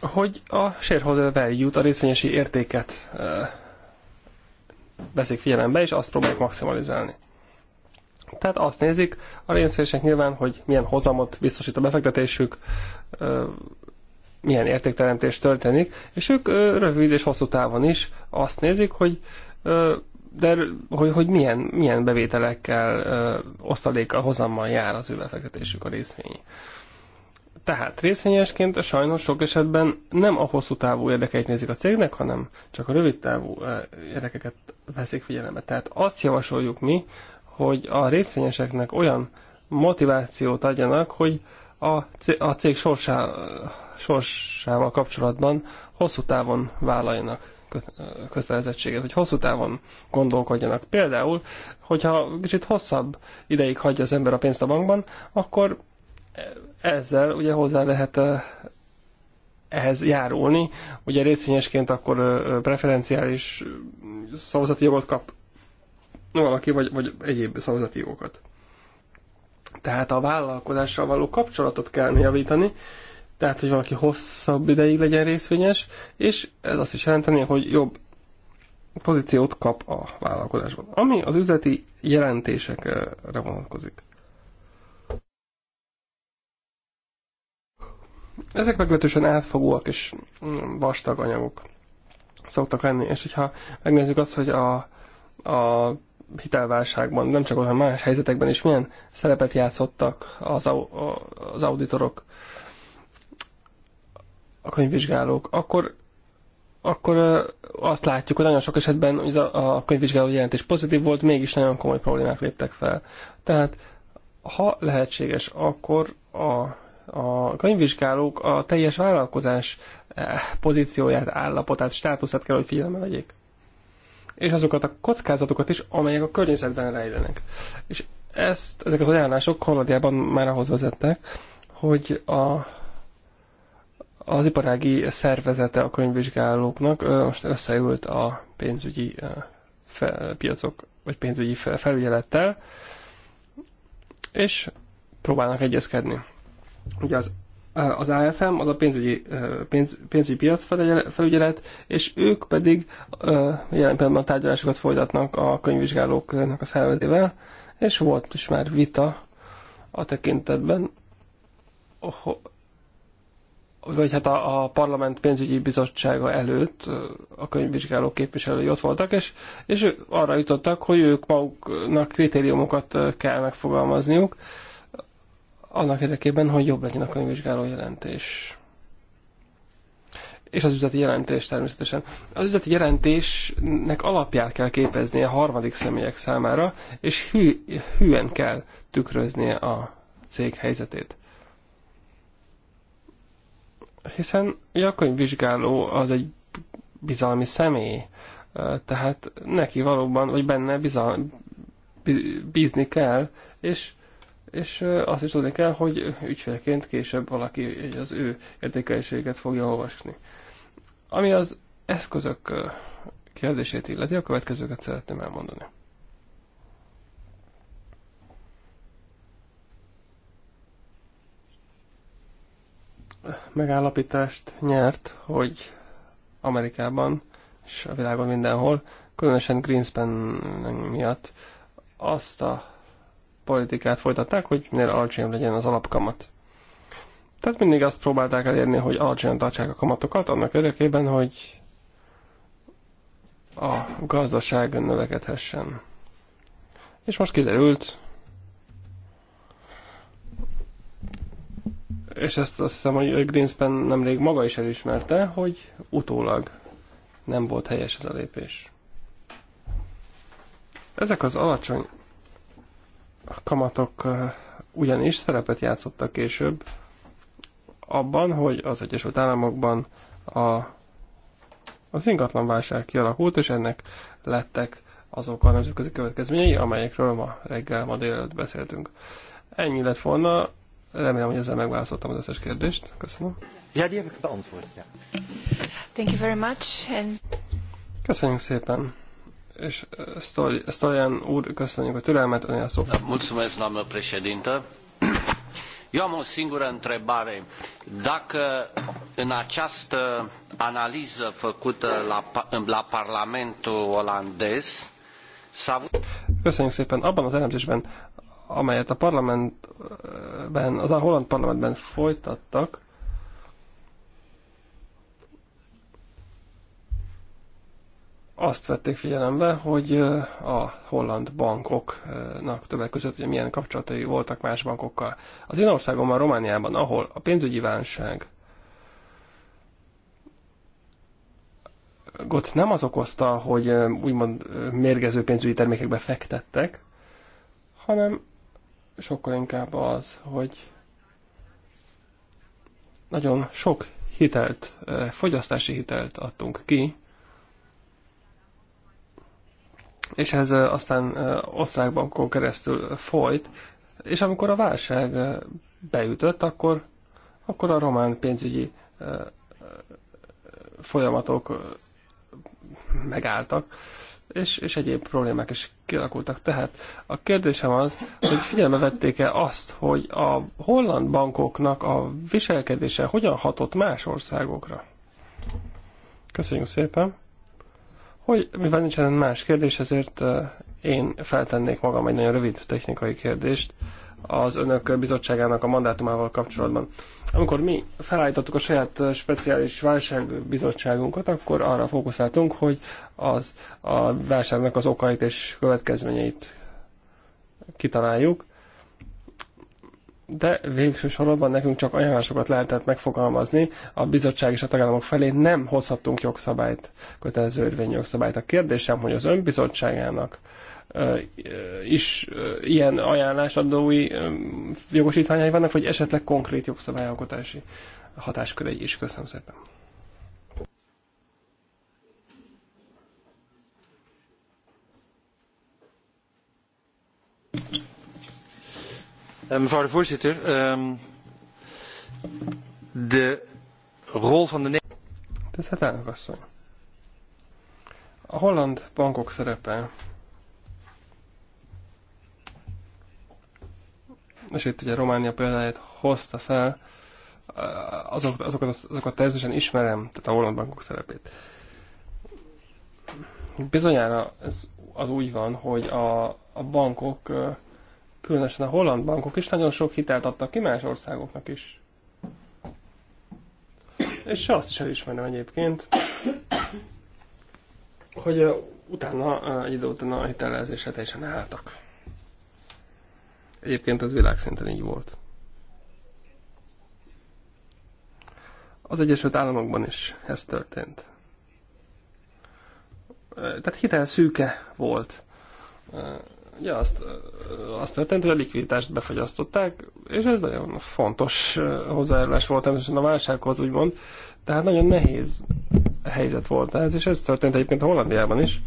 hogy a shareholder value a részvényesi értéket veszik figyelembe, és azt próbálják maximalizálni. Tehát azt nézik a részvényesek nyilván, hogy milyen hozamot biztosít a befektetésük, milyen értékteremtés történik, és ők rövid és hosszú távon is azt nézik, hogy de hogy, hogy milyen, milyen bevételekkel, ö, osztalékkal, hozammal jár az ő befektetésük a részvény. Tehát részvényesként sajnos sok esetben nem a hosszú távú érdekeit nézik a cégnek, hanem csak a rövid távú érdekeket veszik figyelembe. Tehát azt javasoljuk mi, hogy a részvényeseknek olyan motivációt adjanak, hogy a, cég, a cég sorsá, sorsával kapcsolatban hosszú távon vállaljanak kötelezettséget, hogy hosszú távon gondolkodjanak. Például, hogyha kicsit hosszabb ideig hagyja az ember a pénzt a bankban, akkor ezzel ugye hozzá lehet ehhez járulni. Ugye részvényesként akkor preferenciális szavazati jogot kap valaki, vagy, vagy egyéb szavazati jogokat. Tehát a vállalkozással való kapcsolatot kell javítani, tehát hogy valaki hosszabb ideig legyen részvényes, és ez azt is jelenteni, hogy jobb pozíciót kap a vállalkozásban, ami az üzleti jelentésekre vonatkozik. Ezek meglehetősen átfogóak és mm, vastag anyagok szoktak lenni, és hogyha megnézzük azt, hogy a, a hitelválságban, nem csak olyan más helyzetekben is milyen szerepet játszottak az, az auditorok, a könyvvizsgálók, akkor, akkor azt látjuk, hogy nagyon sok esetben hogy a, a könyvvizsgáló jelentés pozitív volt, mégis nagyon komoly problémák léptek fel. Tehát ha lehetséges, akkor a, a könyvvizsgálók a teljes vállalkozás eh, pozícióját, állapotát, státuszát kell, hogy figyelembe vegyék. És azokat a kockázatokat is, amelyek a környezetben rejlenek. És ezt, ezek az ajánlások Hollandiában már ahhoz vezettek, hogy a az iparági szervezete a könyvvizsgálóknak most összeült a pénzügyi piacok, vagy pénzügyi felügyelettel, és próbálnak egyezkedni. Ugye az, az AFM, az a pénzügyi, pénz, pénzügyi piac felügyelet, és ők pedig jelen pillanatban tárgyalásokat folytatnak a könyvvizsgálóknak a szervezével, és volt is már vita a tekintetben, vagy hát a, a parlament pénzügyi bizottsága előtt a könyvvizsgáló képviselői ott voltak, és, és ő arra jutottak, hogy ők maguknak kritériumokat kell megfogalmazniuk, annak érdekében, hogy jobb legyen a könyvvizsgáló jelentés. És az üzleti jelentés természetesen. Az üzleti jelentésnek alapját kell képeznie a harmadik személyek számára, és hű, hűen kell tükröznie a cég helyzetét hiszen a könyvvizsgáló az egy bizalmi személy, tehát neki valóban, vagy benne bizal, bízni kell, és, és azt is tudni kell, hogy ügyfélként később valaki az ő értékelésséget fogja olvasni. Ami az eszközök kérdését illeti, a következőket szeretném elmondani. megállapítást nyert, hogy Amerikában és a világon mindenhol, különösen Greenspan miatt azt a politikát folytatták, hogy minél alacsonyabb legyen az alapkamat. Tehát mindig azt próbálták elérni, hogy alacsonyan tartsák a kamatokat, annak érdekében, hogy a gazdaság növekedhessen. És most kiderült, és ezt azt hiszem, hogy Greenspan nemrég maga is elismerte, hogy utólag nem volt helyes ez a lépés. Ezek az alacsony kamatok eh, ugyanis szerepet játszottak később abban, hogy az Egyesült Államokban a, az ingatlanválság kialakult, és ennek lettek azok a nemzetközi következményei, amelyekről ma reggel, ma délelőtt beszéltünk. Ennyi lett volna, Remélem, hogy ezzel megválaszoltam az összes kérdést. Köszönöm. Ja, die heb Thank you very much. And... Köszönjük szépen. És Stolian úr, köszönjük a türelmet, ön a szó. Mulțumesc, doamnă președintă. Eu am o singură întrebare. Dacă în această analiză făcută la, la Parlamentul olandez s-a avut... Köszönjük szépen. Abban az elemzésben, amelyet a parlamentben, az a holland parlamentben folytattak, azt vették figyelembe, hogy a holland bankoknak többek között hogy milyen kapcsolatai voltak más bankokkal. Az én országomban, Romániában, ahol a pénzügyi válság gott nem az okozta, hogy úgymond mérgező pénzügyi termékekbe fektettek, hanem sokkal inkább az, hogy nagyon sok hitelt, fogyasztási hitelt adtunk ki, és ez aztán osztrák bankon keresztül folyt, és amikor a válság beütött, akkor, akkor a román pénzügyi folyamatok megálltak, és, és egyéb problémák is kialakultak. Tehát a kérdésem az, hogy figyelme vették-e azt, hogy a holland bankoknak a viselkedése hogyan hatott más országokra? Köszönjük szépen! Hogy mivel nincsen más kérdés, ezért én feltennék magam egy nagyon rövid technikai kérdést az önök bizottságának a mandátumával kapcsolatban. Amikor mi felállítottuk a saját speciális válságbizottságunkat, akkor arra fókuszáltunk, hogy az a válságnak az okait és következményeit kitaláljuk, de végső sorban nekünk csak ajánlásokat lehetett megfogalmazni, a bizottság és a tagállamok felé nem hozhattunk jogszabályt, kötelező érvényű jogszabályt. A kérdésem, hogy az önbizottságának is ilyen ajánlásadói jogosítványai vannak, vagy esetleg konkrét jogszabályalkotási hatáskörei is. Köszönöm szépen. Ehm, mevrouw de voorzitter, ehm, de rol van de... is elnök asszony! A holland bankok szerepe és itt ugye Románia példáját hozta fel, azok, azokat, azokat természetesen ismerem, tehát a holland bankok szerepét. Bizonyára ez az úgy van, hogy a, a bankok, különösen a holland bankok is nagyon sok hitelt adtak ki más országoknak is. És azt is elismerem egyébként, hogy utána, egy idő után a hitelezésre teljesen álltak. Egyébként ez világszinten így volt. Az Egyesült Államokban is ez történt. Tehát hitel szűke volt. Ugye ja, azt, azt történt, hogy a likviditást befagyasztották, és ez nagyon fontos hozzájárulás volt természetesen a válsághoz, úgymond. Tehát nagyon nehéz helyzet volt ez, és ez történt egyébként a Hollandiában is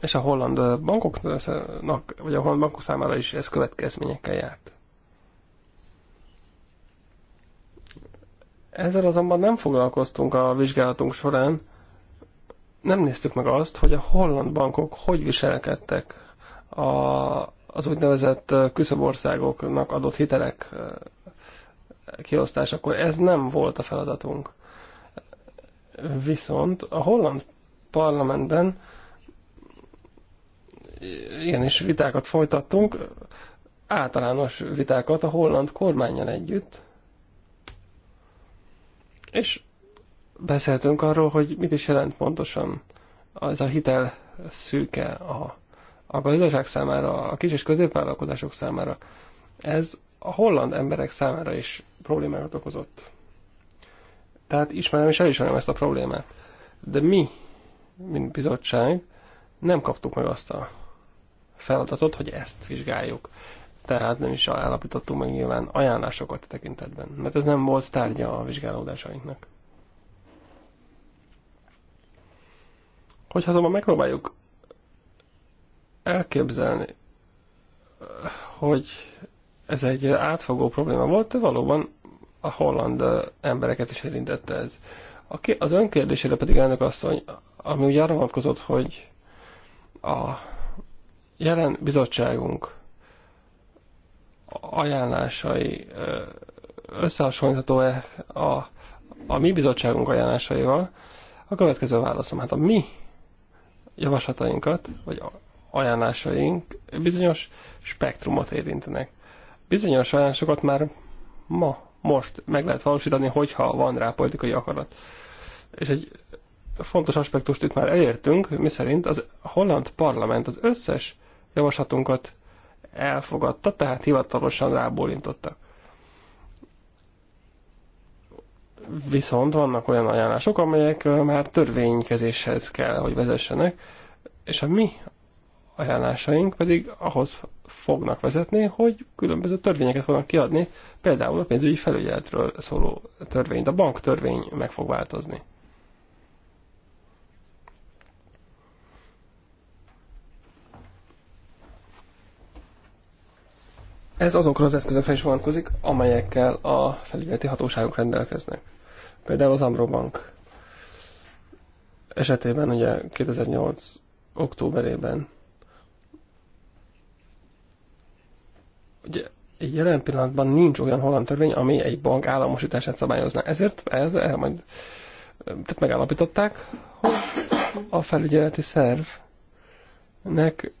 és a holland bankoknak, vagy a holland bankok számára is ez következményekkel járt. Ezzel azonban nem foglalkoztunk a vizsgálatunk során, nem néztük meg azt, hogy a holland bankok hogy viselkedtek a, az úgynevezett küszöbországoknak adott hitelek kiosztásakor. Ez nem volt a feladatunk. Viszont a holland parlamentben ilyen is vitákat folytattunk, általános vitákat a holland kormányjal együtt, és beszéltünk arról, hogy mit is jelent pontosan az a hitel szűke a, a gazdaság számára, a kis és középvállalkozások számára. Ez a holland emberek számára is problémákat okozott. Tehát ismerem és elismerem ezt a problémát. De mi, mint bizottság, nem kaptuk meg azt a feladatot, hogy ezt vizsgáljuk. Tehát nem is állapítottunk meg nyilván ajánlásokat a tekintetben, mert ez nem volt tárgya a vizsgálódásainknak. Hogyha azonban megpróbáljuk elképzelni, hogy ez egy átfogó probléma volt, de valóban a holland embereket is érintette ez. Az önkérdésére pedig elnök asszony, ami ugye arra vonatkozott, hogy a Jelen bizottságunk ajánlásai összehasonlítható-e a, a mi bizottságunk ajánlásaival? A következő válaszom, hát a mi javaslatainkat, vagy ajánlásaink bizonyos spektrumot érintenek. Bizonyos ajánlásokat már ma, most meg lehet valósítani, hogyha van rá politikai akarat. És egy fontos aspektust itt már elértünk, miszerint az holland parlament az összes javaslatunkat elfogadta, tehát hivatalosan rábólintottak. Viszont vannak olyan ajánlások, amelyek már törvénykezéshez kell, hogy vezessenek, és a mi ajánlásaink pedig ahhoz fognak vezetni, hogy különböző törvényeket fognak kiadni, például a pénzügyi felügyeletről szóló törvényt. A banktörvény meg fog változni. Ez azokra az eszközökre is vonatkozik, amelyekkel a felügyeleti hatóságok rendelkeznek. Például az Amrobank esetében ugye 2008 októberében ugye jelen pillanatban nincs olyan holland törvény, ami egy bank államosítását szabályozna, Ezért ez, erre majd tehát megállapították, hogy a felügyeleti szervnek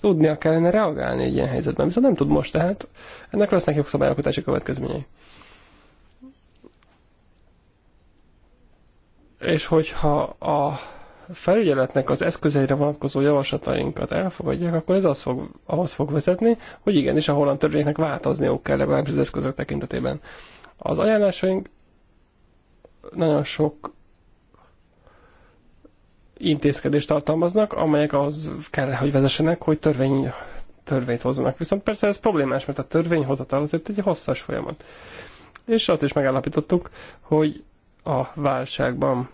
tudnia kellene reagálni egy ilyen helyzetben, viszont nem tud most, tehát ennek lesznek jogszabályalkotási következményei. És hogyha a felügyeletnek az eszközeire vonatkozó javaslatainkat elfogadják, akkor ez az fog, ahhoz fog vezetni, hogy igenis a holland törvényeknek változniuk kell legalábbis az eszközök tekintetében. Az ajánlásaink nagyon sok intézkedést tartalmaznak, amelyek az kell, hogy vezessenek, hogy törvény, törvényt hozzanak. Viszont persze ez problémás, mert a törvényhozatal azért egy hosszas folyamat. És azt is megállapítottuk, hogy a válságban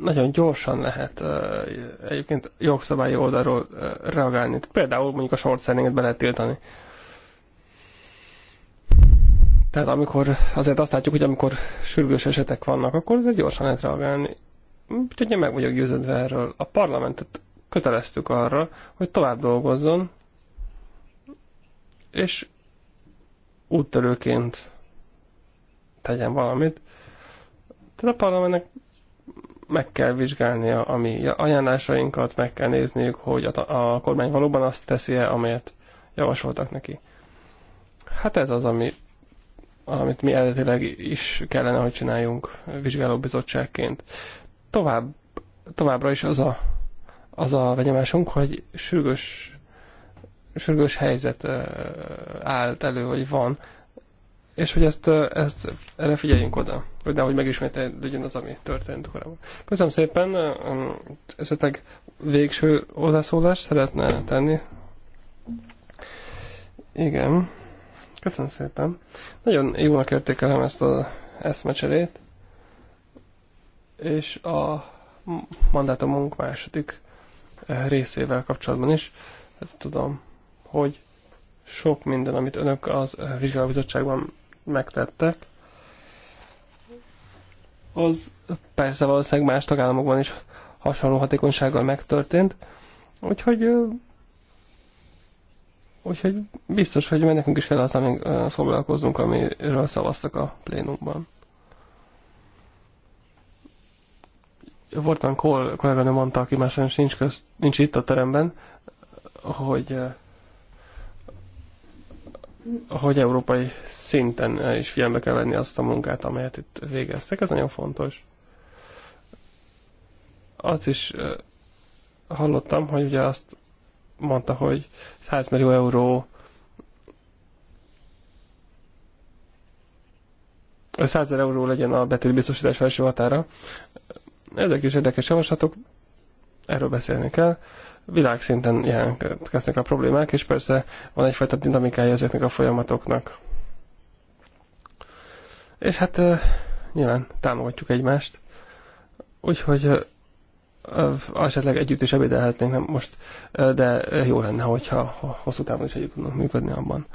nagyon gyorsan lehet uh, egyébként jogszabályi oldalról uh, reagálni. Például mondjuk a short be lehet tiltani. Uh, tehát amikor azért azt látjuk, hogy amikor sürgős esetek vannak, akkor azért gyorsan lehet reagálni. Úgyhogy én meg vagyok győződve erről. A parlamentet köteleztük arra, hogy tovább dolgozzon, és úttörőként tegyen valamit. Tehát a parlamentnek meg kell vizsgálnia a mi ajánlásainkat, meg kell nézniük, hogy a, a kormány valóban azt teszi-e, amelyet javasoltak neki. Hát ez az, ami amit mi eredetileg is kellene, hogy csináljunk vizsgálóbizottságként. Tovább, továbbra is az a, az a benyomásunk, hogy sürgős, sürgős helyzet állt elő, hogy van, és hogy ezt, ezt erre figyeljünk oda, hogy nehogy megismételjön az, ami történt korábban. Köszönöm szépen, esetleg végső hozzászólást szeretne tenni? Igen. Köszönöm szépen. Nagyon jónak értékelem ezt az eszmecserét. És a mandátumunk második eh, részével kapcsolatban is. Hát tudom, hogy sok minden, amit önök az eh, vizsgálóbizottságban megtettek, az persze valószínűleg más tagállamokban is hasonló hatékonysággal megtörtént. Úgyhogy eh, Úgyhogy biztos, hogy nekünk is kell azzal még foglalkoznunk, amiről szavaztak a plénumban. Volt olyan kolléganő mondta, aki már sem nincs, köz, nincs itt a teremben, hogy hogy európai szinten is figyelme kell venni azt a munkát, amelyet itt végeztek. Ez nagyon fontos. Azt is hallottam, hogy ugye azt mondta, hogy 100 millió euró százer euró legyen a betétbiztosítás felső határa. Ezek is érdekes javaslatok, erről beszélni kell. Világszinten jelentkeznek a problémák, és persze van egyfajta dinamikája ezeknek a folyamatoknak. És hát nyilván támogatjuk egymást. Úgyhogy esetleg együtt is ebédelhetnénk nem most, de jó lenne, hogyha hosszú távon is együtt tudnak működni abban,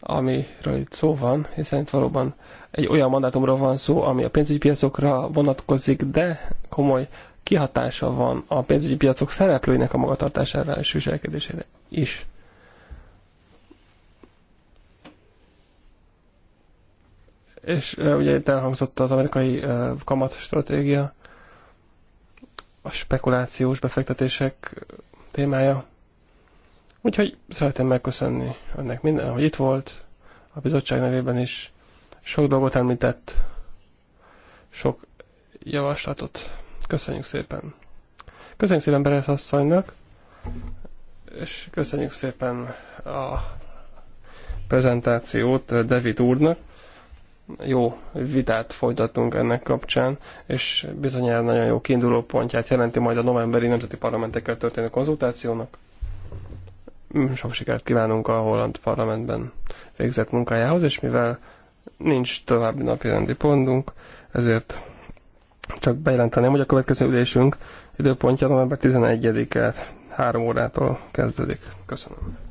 amiről itt szó van, hiszen itt valóban egy olyan mandátumról van szó, ami a pénzügyi piacokra vonatkozik, de komoly kihatása van a pénzügyi piacok szereplőinek a magatartására és viselkedésére is. És ugye itt elhangzott az amerikai kamatstratégia. stratégia, a spekulációs befektetések témája. Úgyhogy szeretném megköszönni önnek minden, hogy itt volt, a bizottság nevében is sok dolgot említett, sok javaslatot. Köszönjük szépen! Köszönjük szépen Beres asszonynak, és köszönjük szépen a prezentációt David úrnak jó vitát folytatunk ennek kapcsán, és bizonyára nagyon jó kiinduló pontját jelenti majd a novemberi nemzeti parlamentekkel történő konzultációnak. Sok sikert kívánunk a holland parlamentben végzett munkájához, és mivel nincs további napi rendi pontunk, ezért csak bejelenteném, hogy a következő ülésünk időpontja november 11-et 3 órától kezdődik. Köszönöm.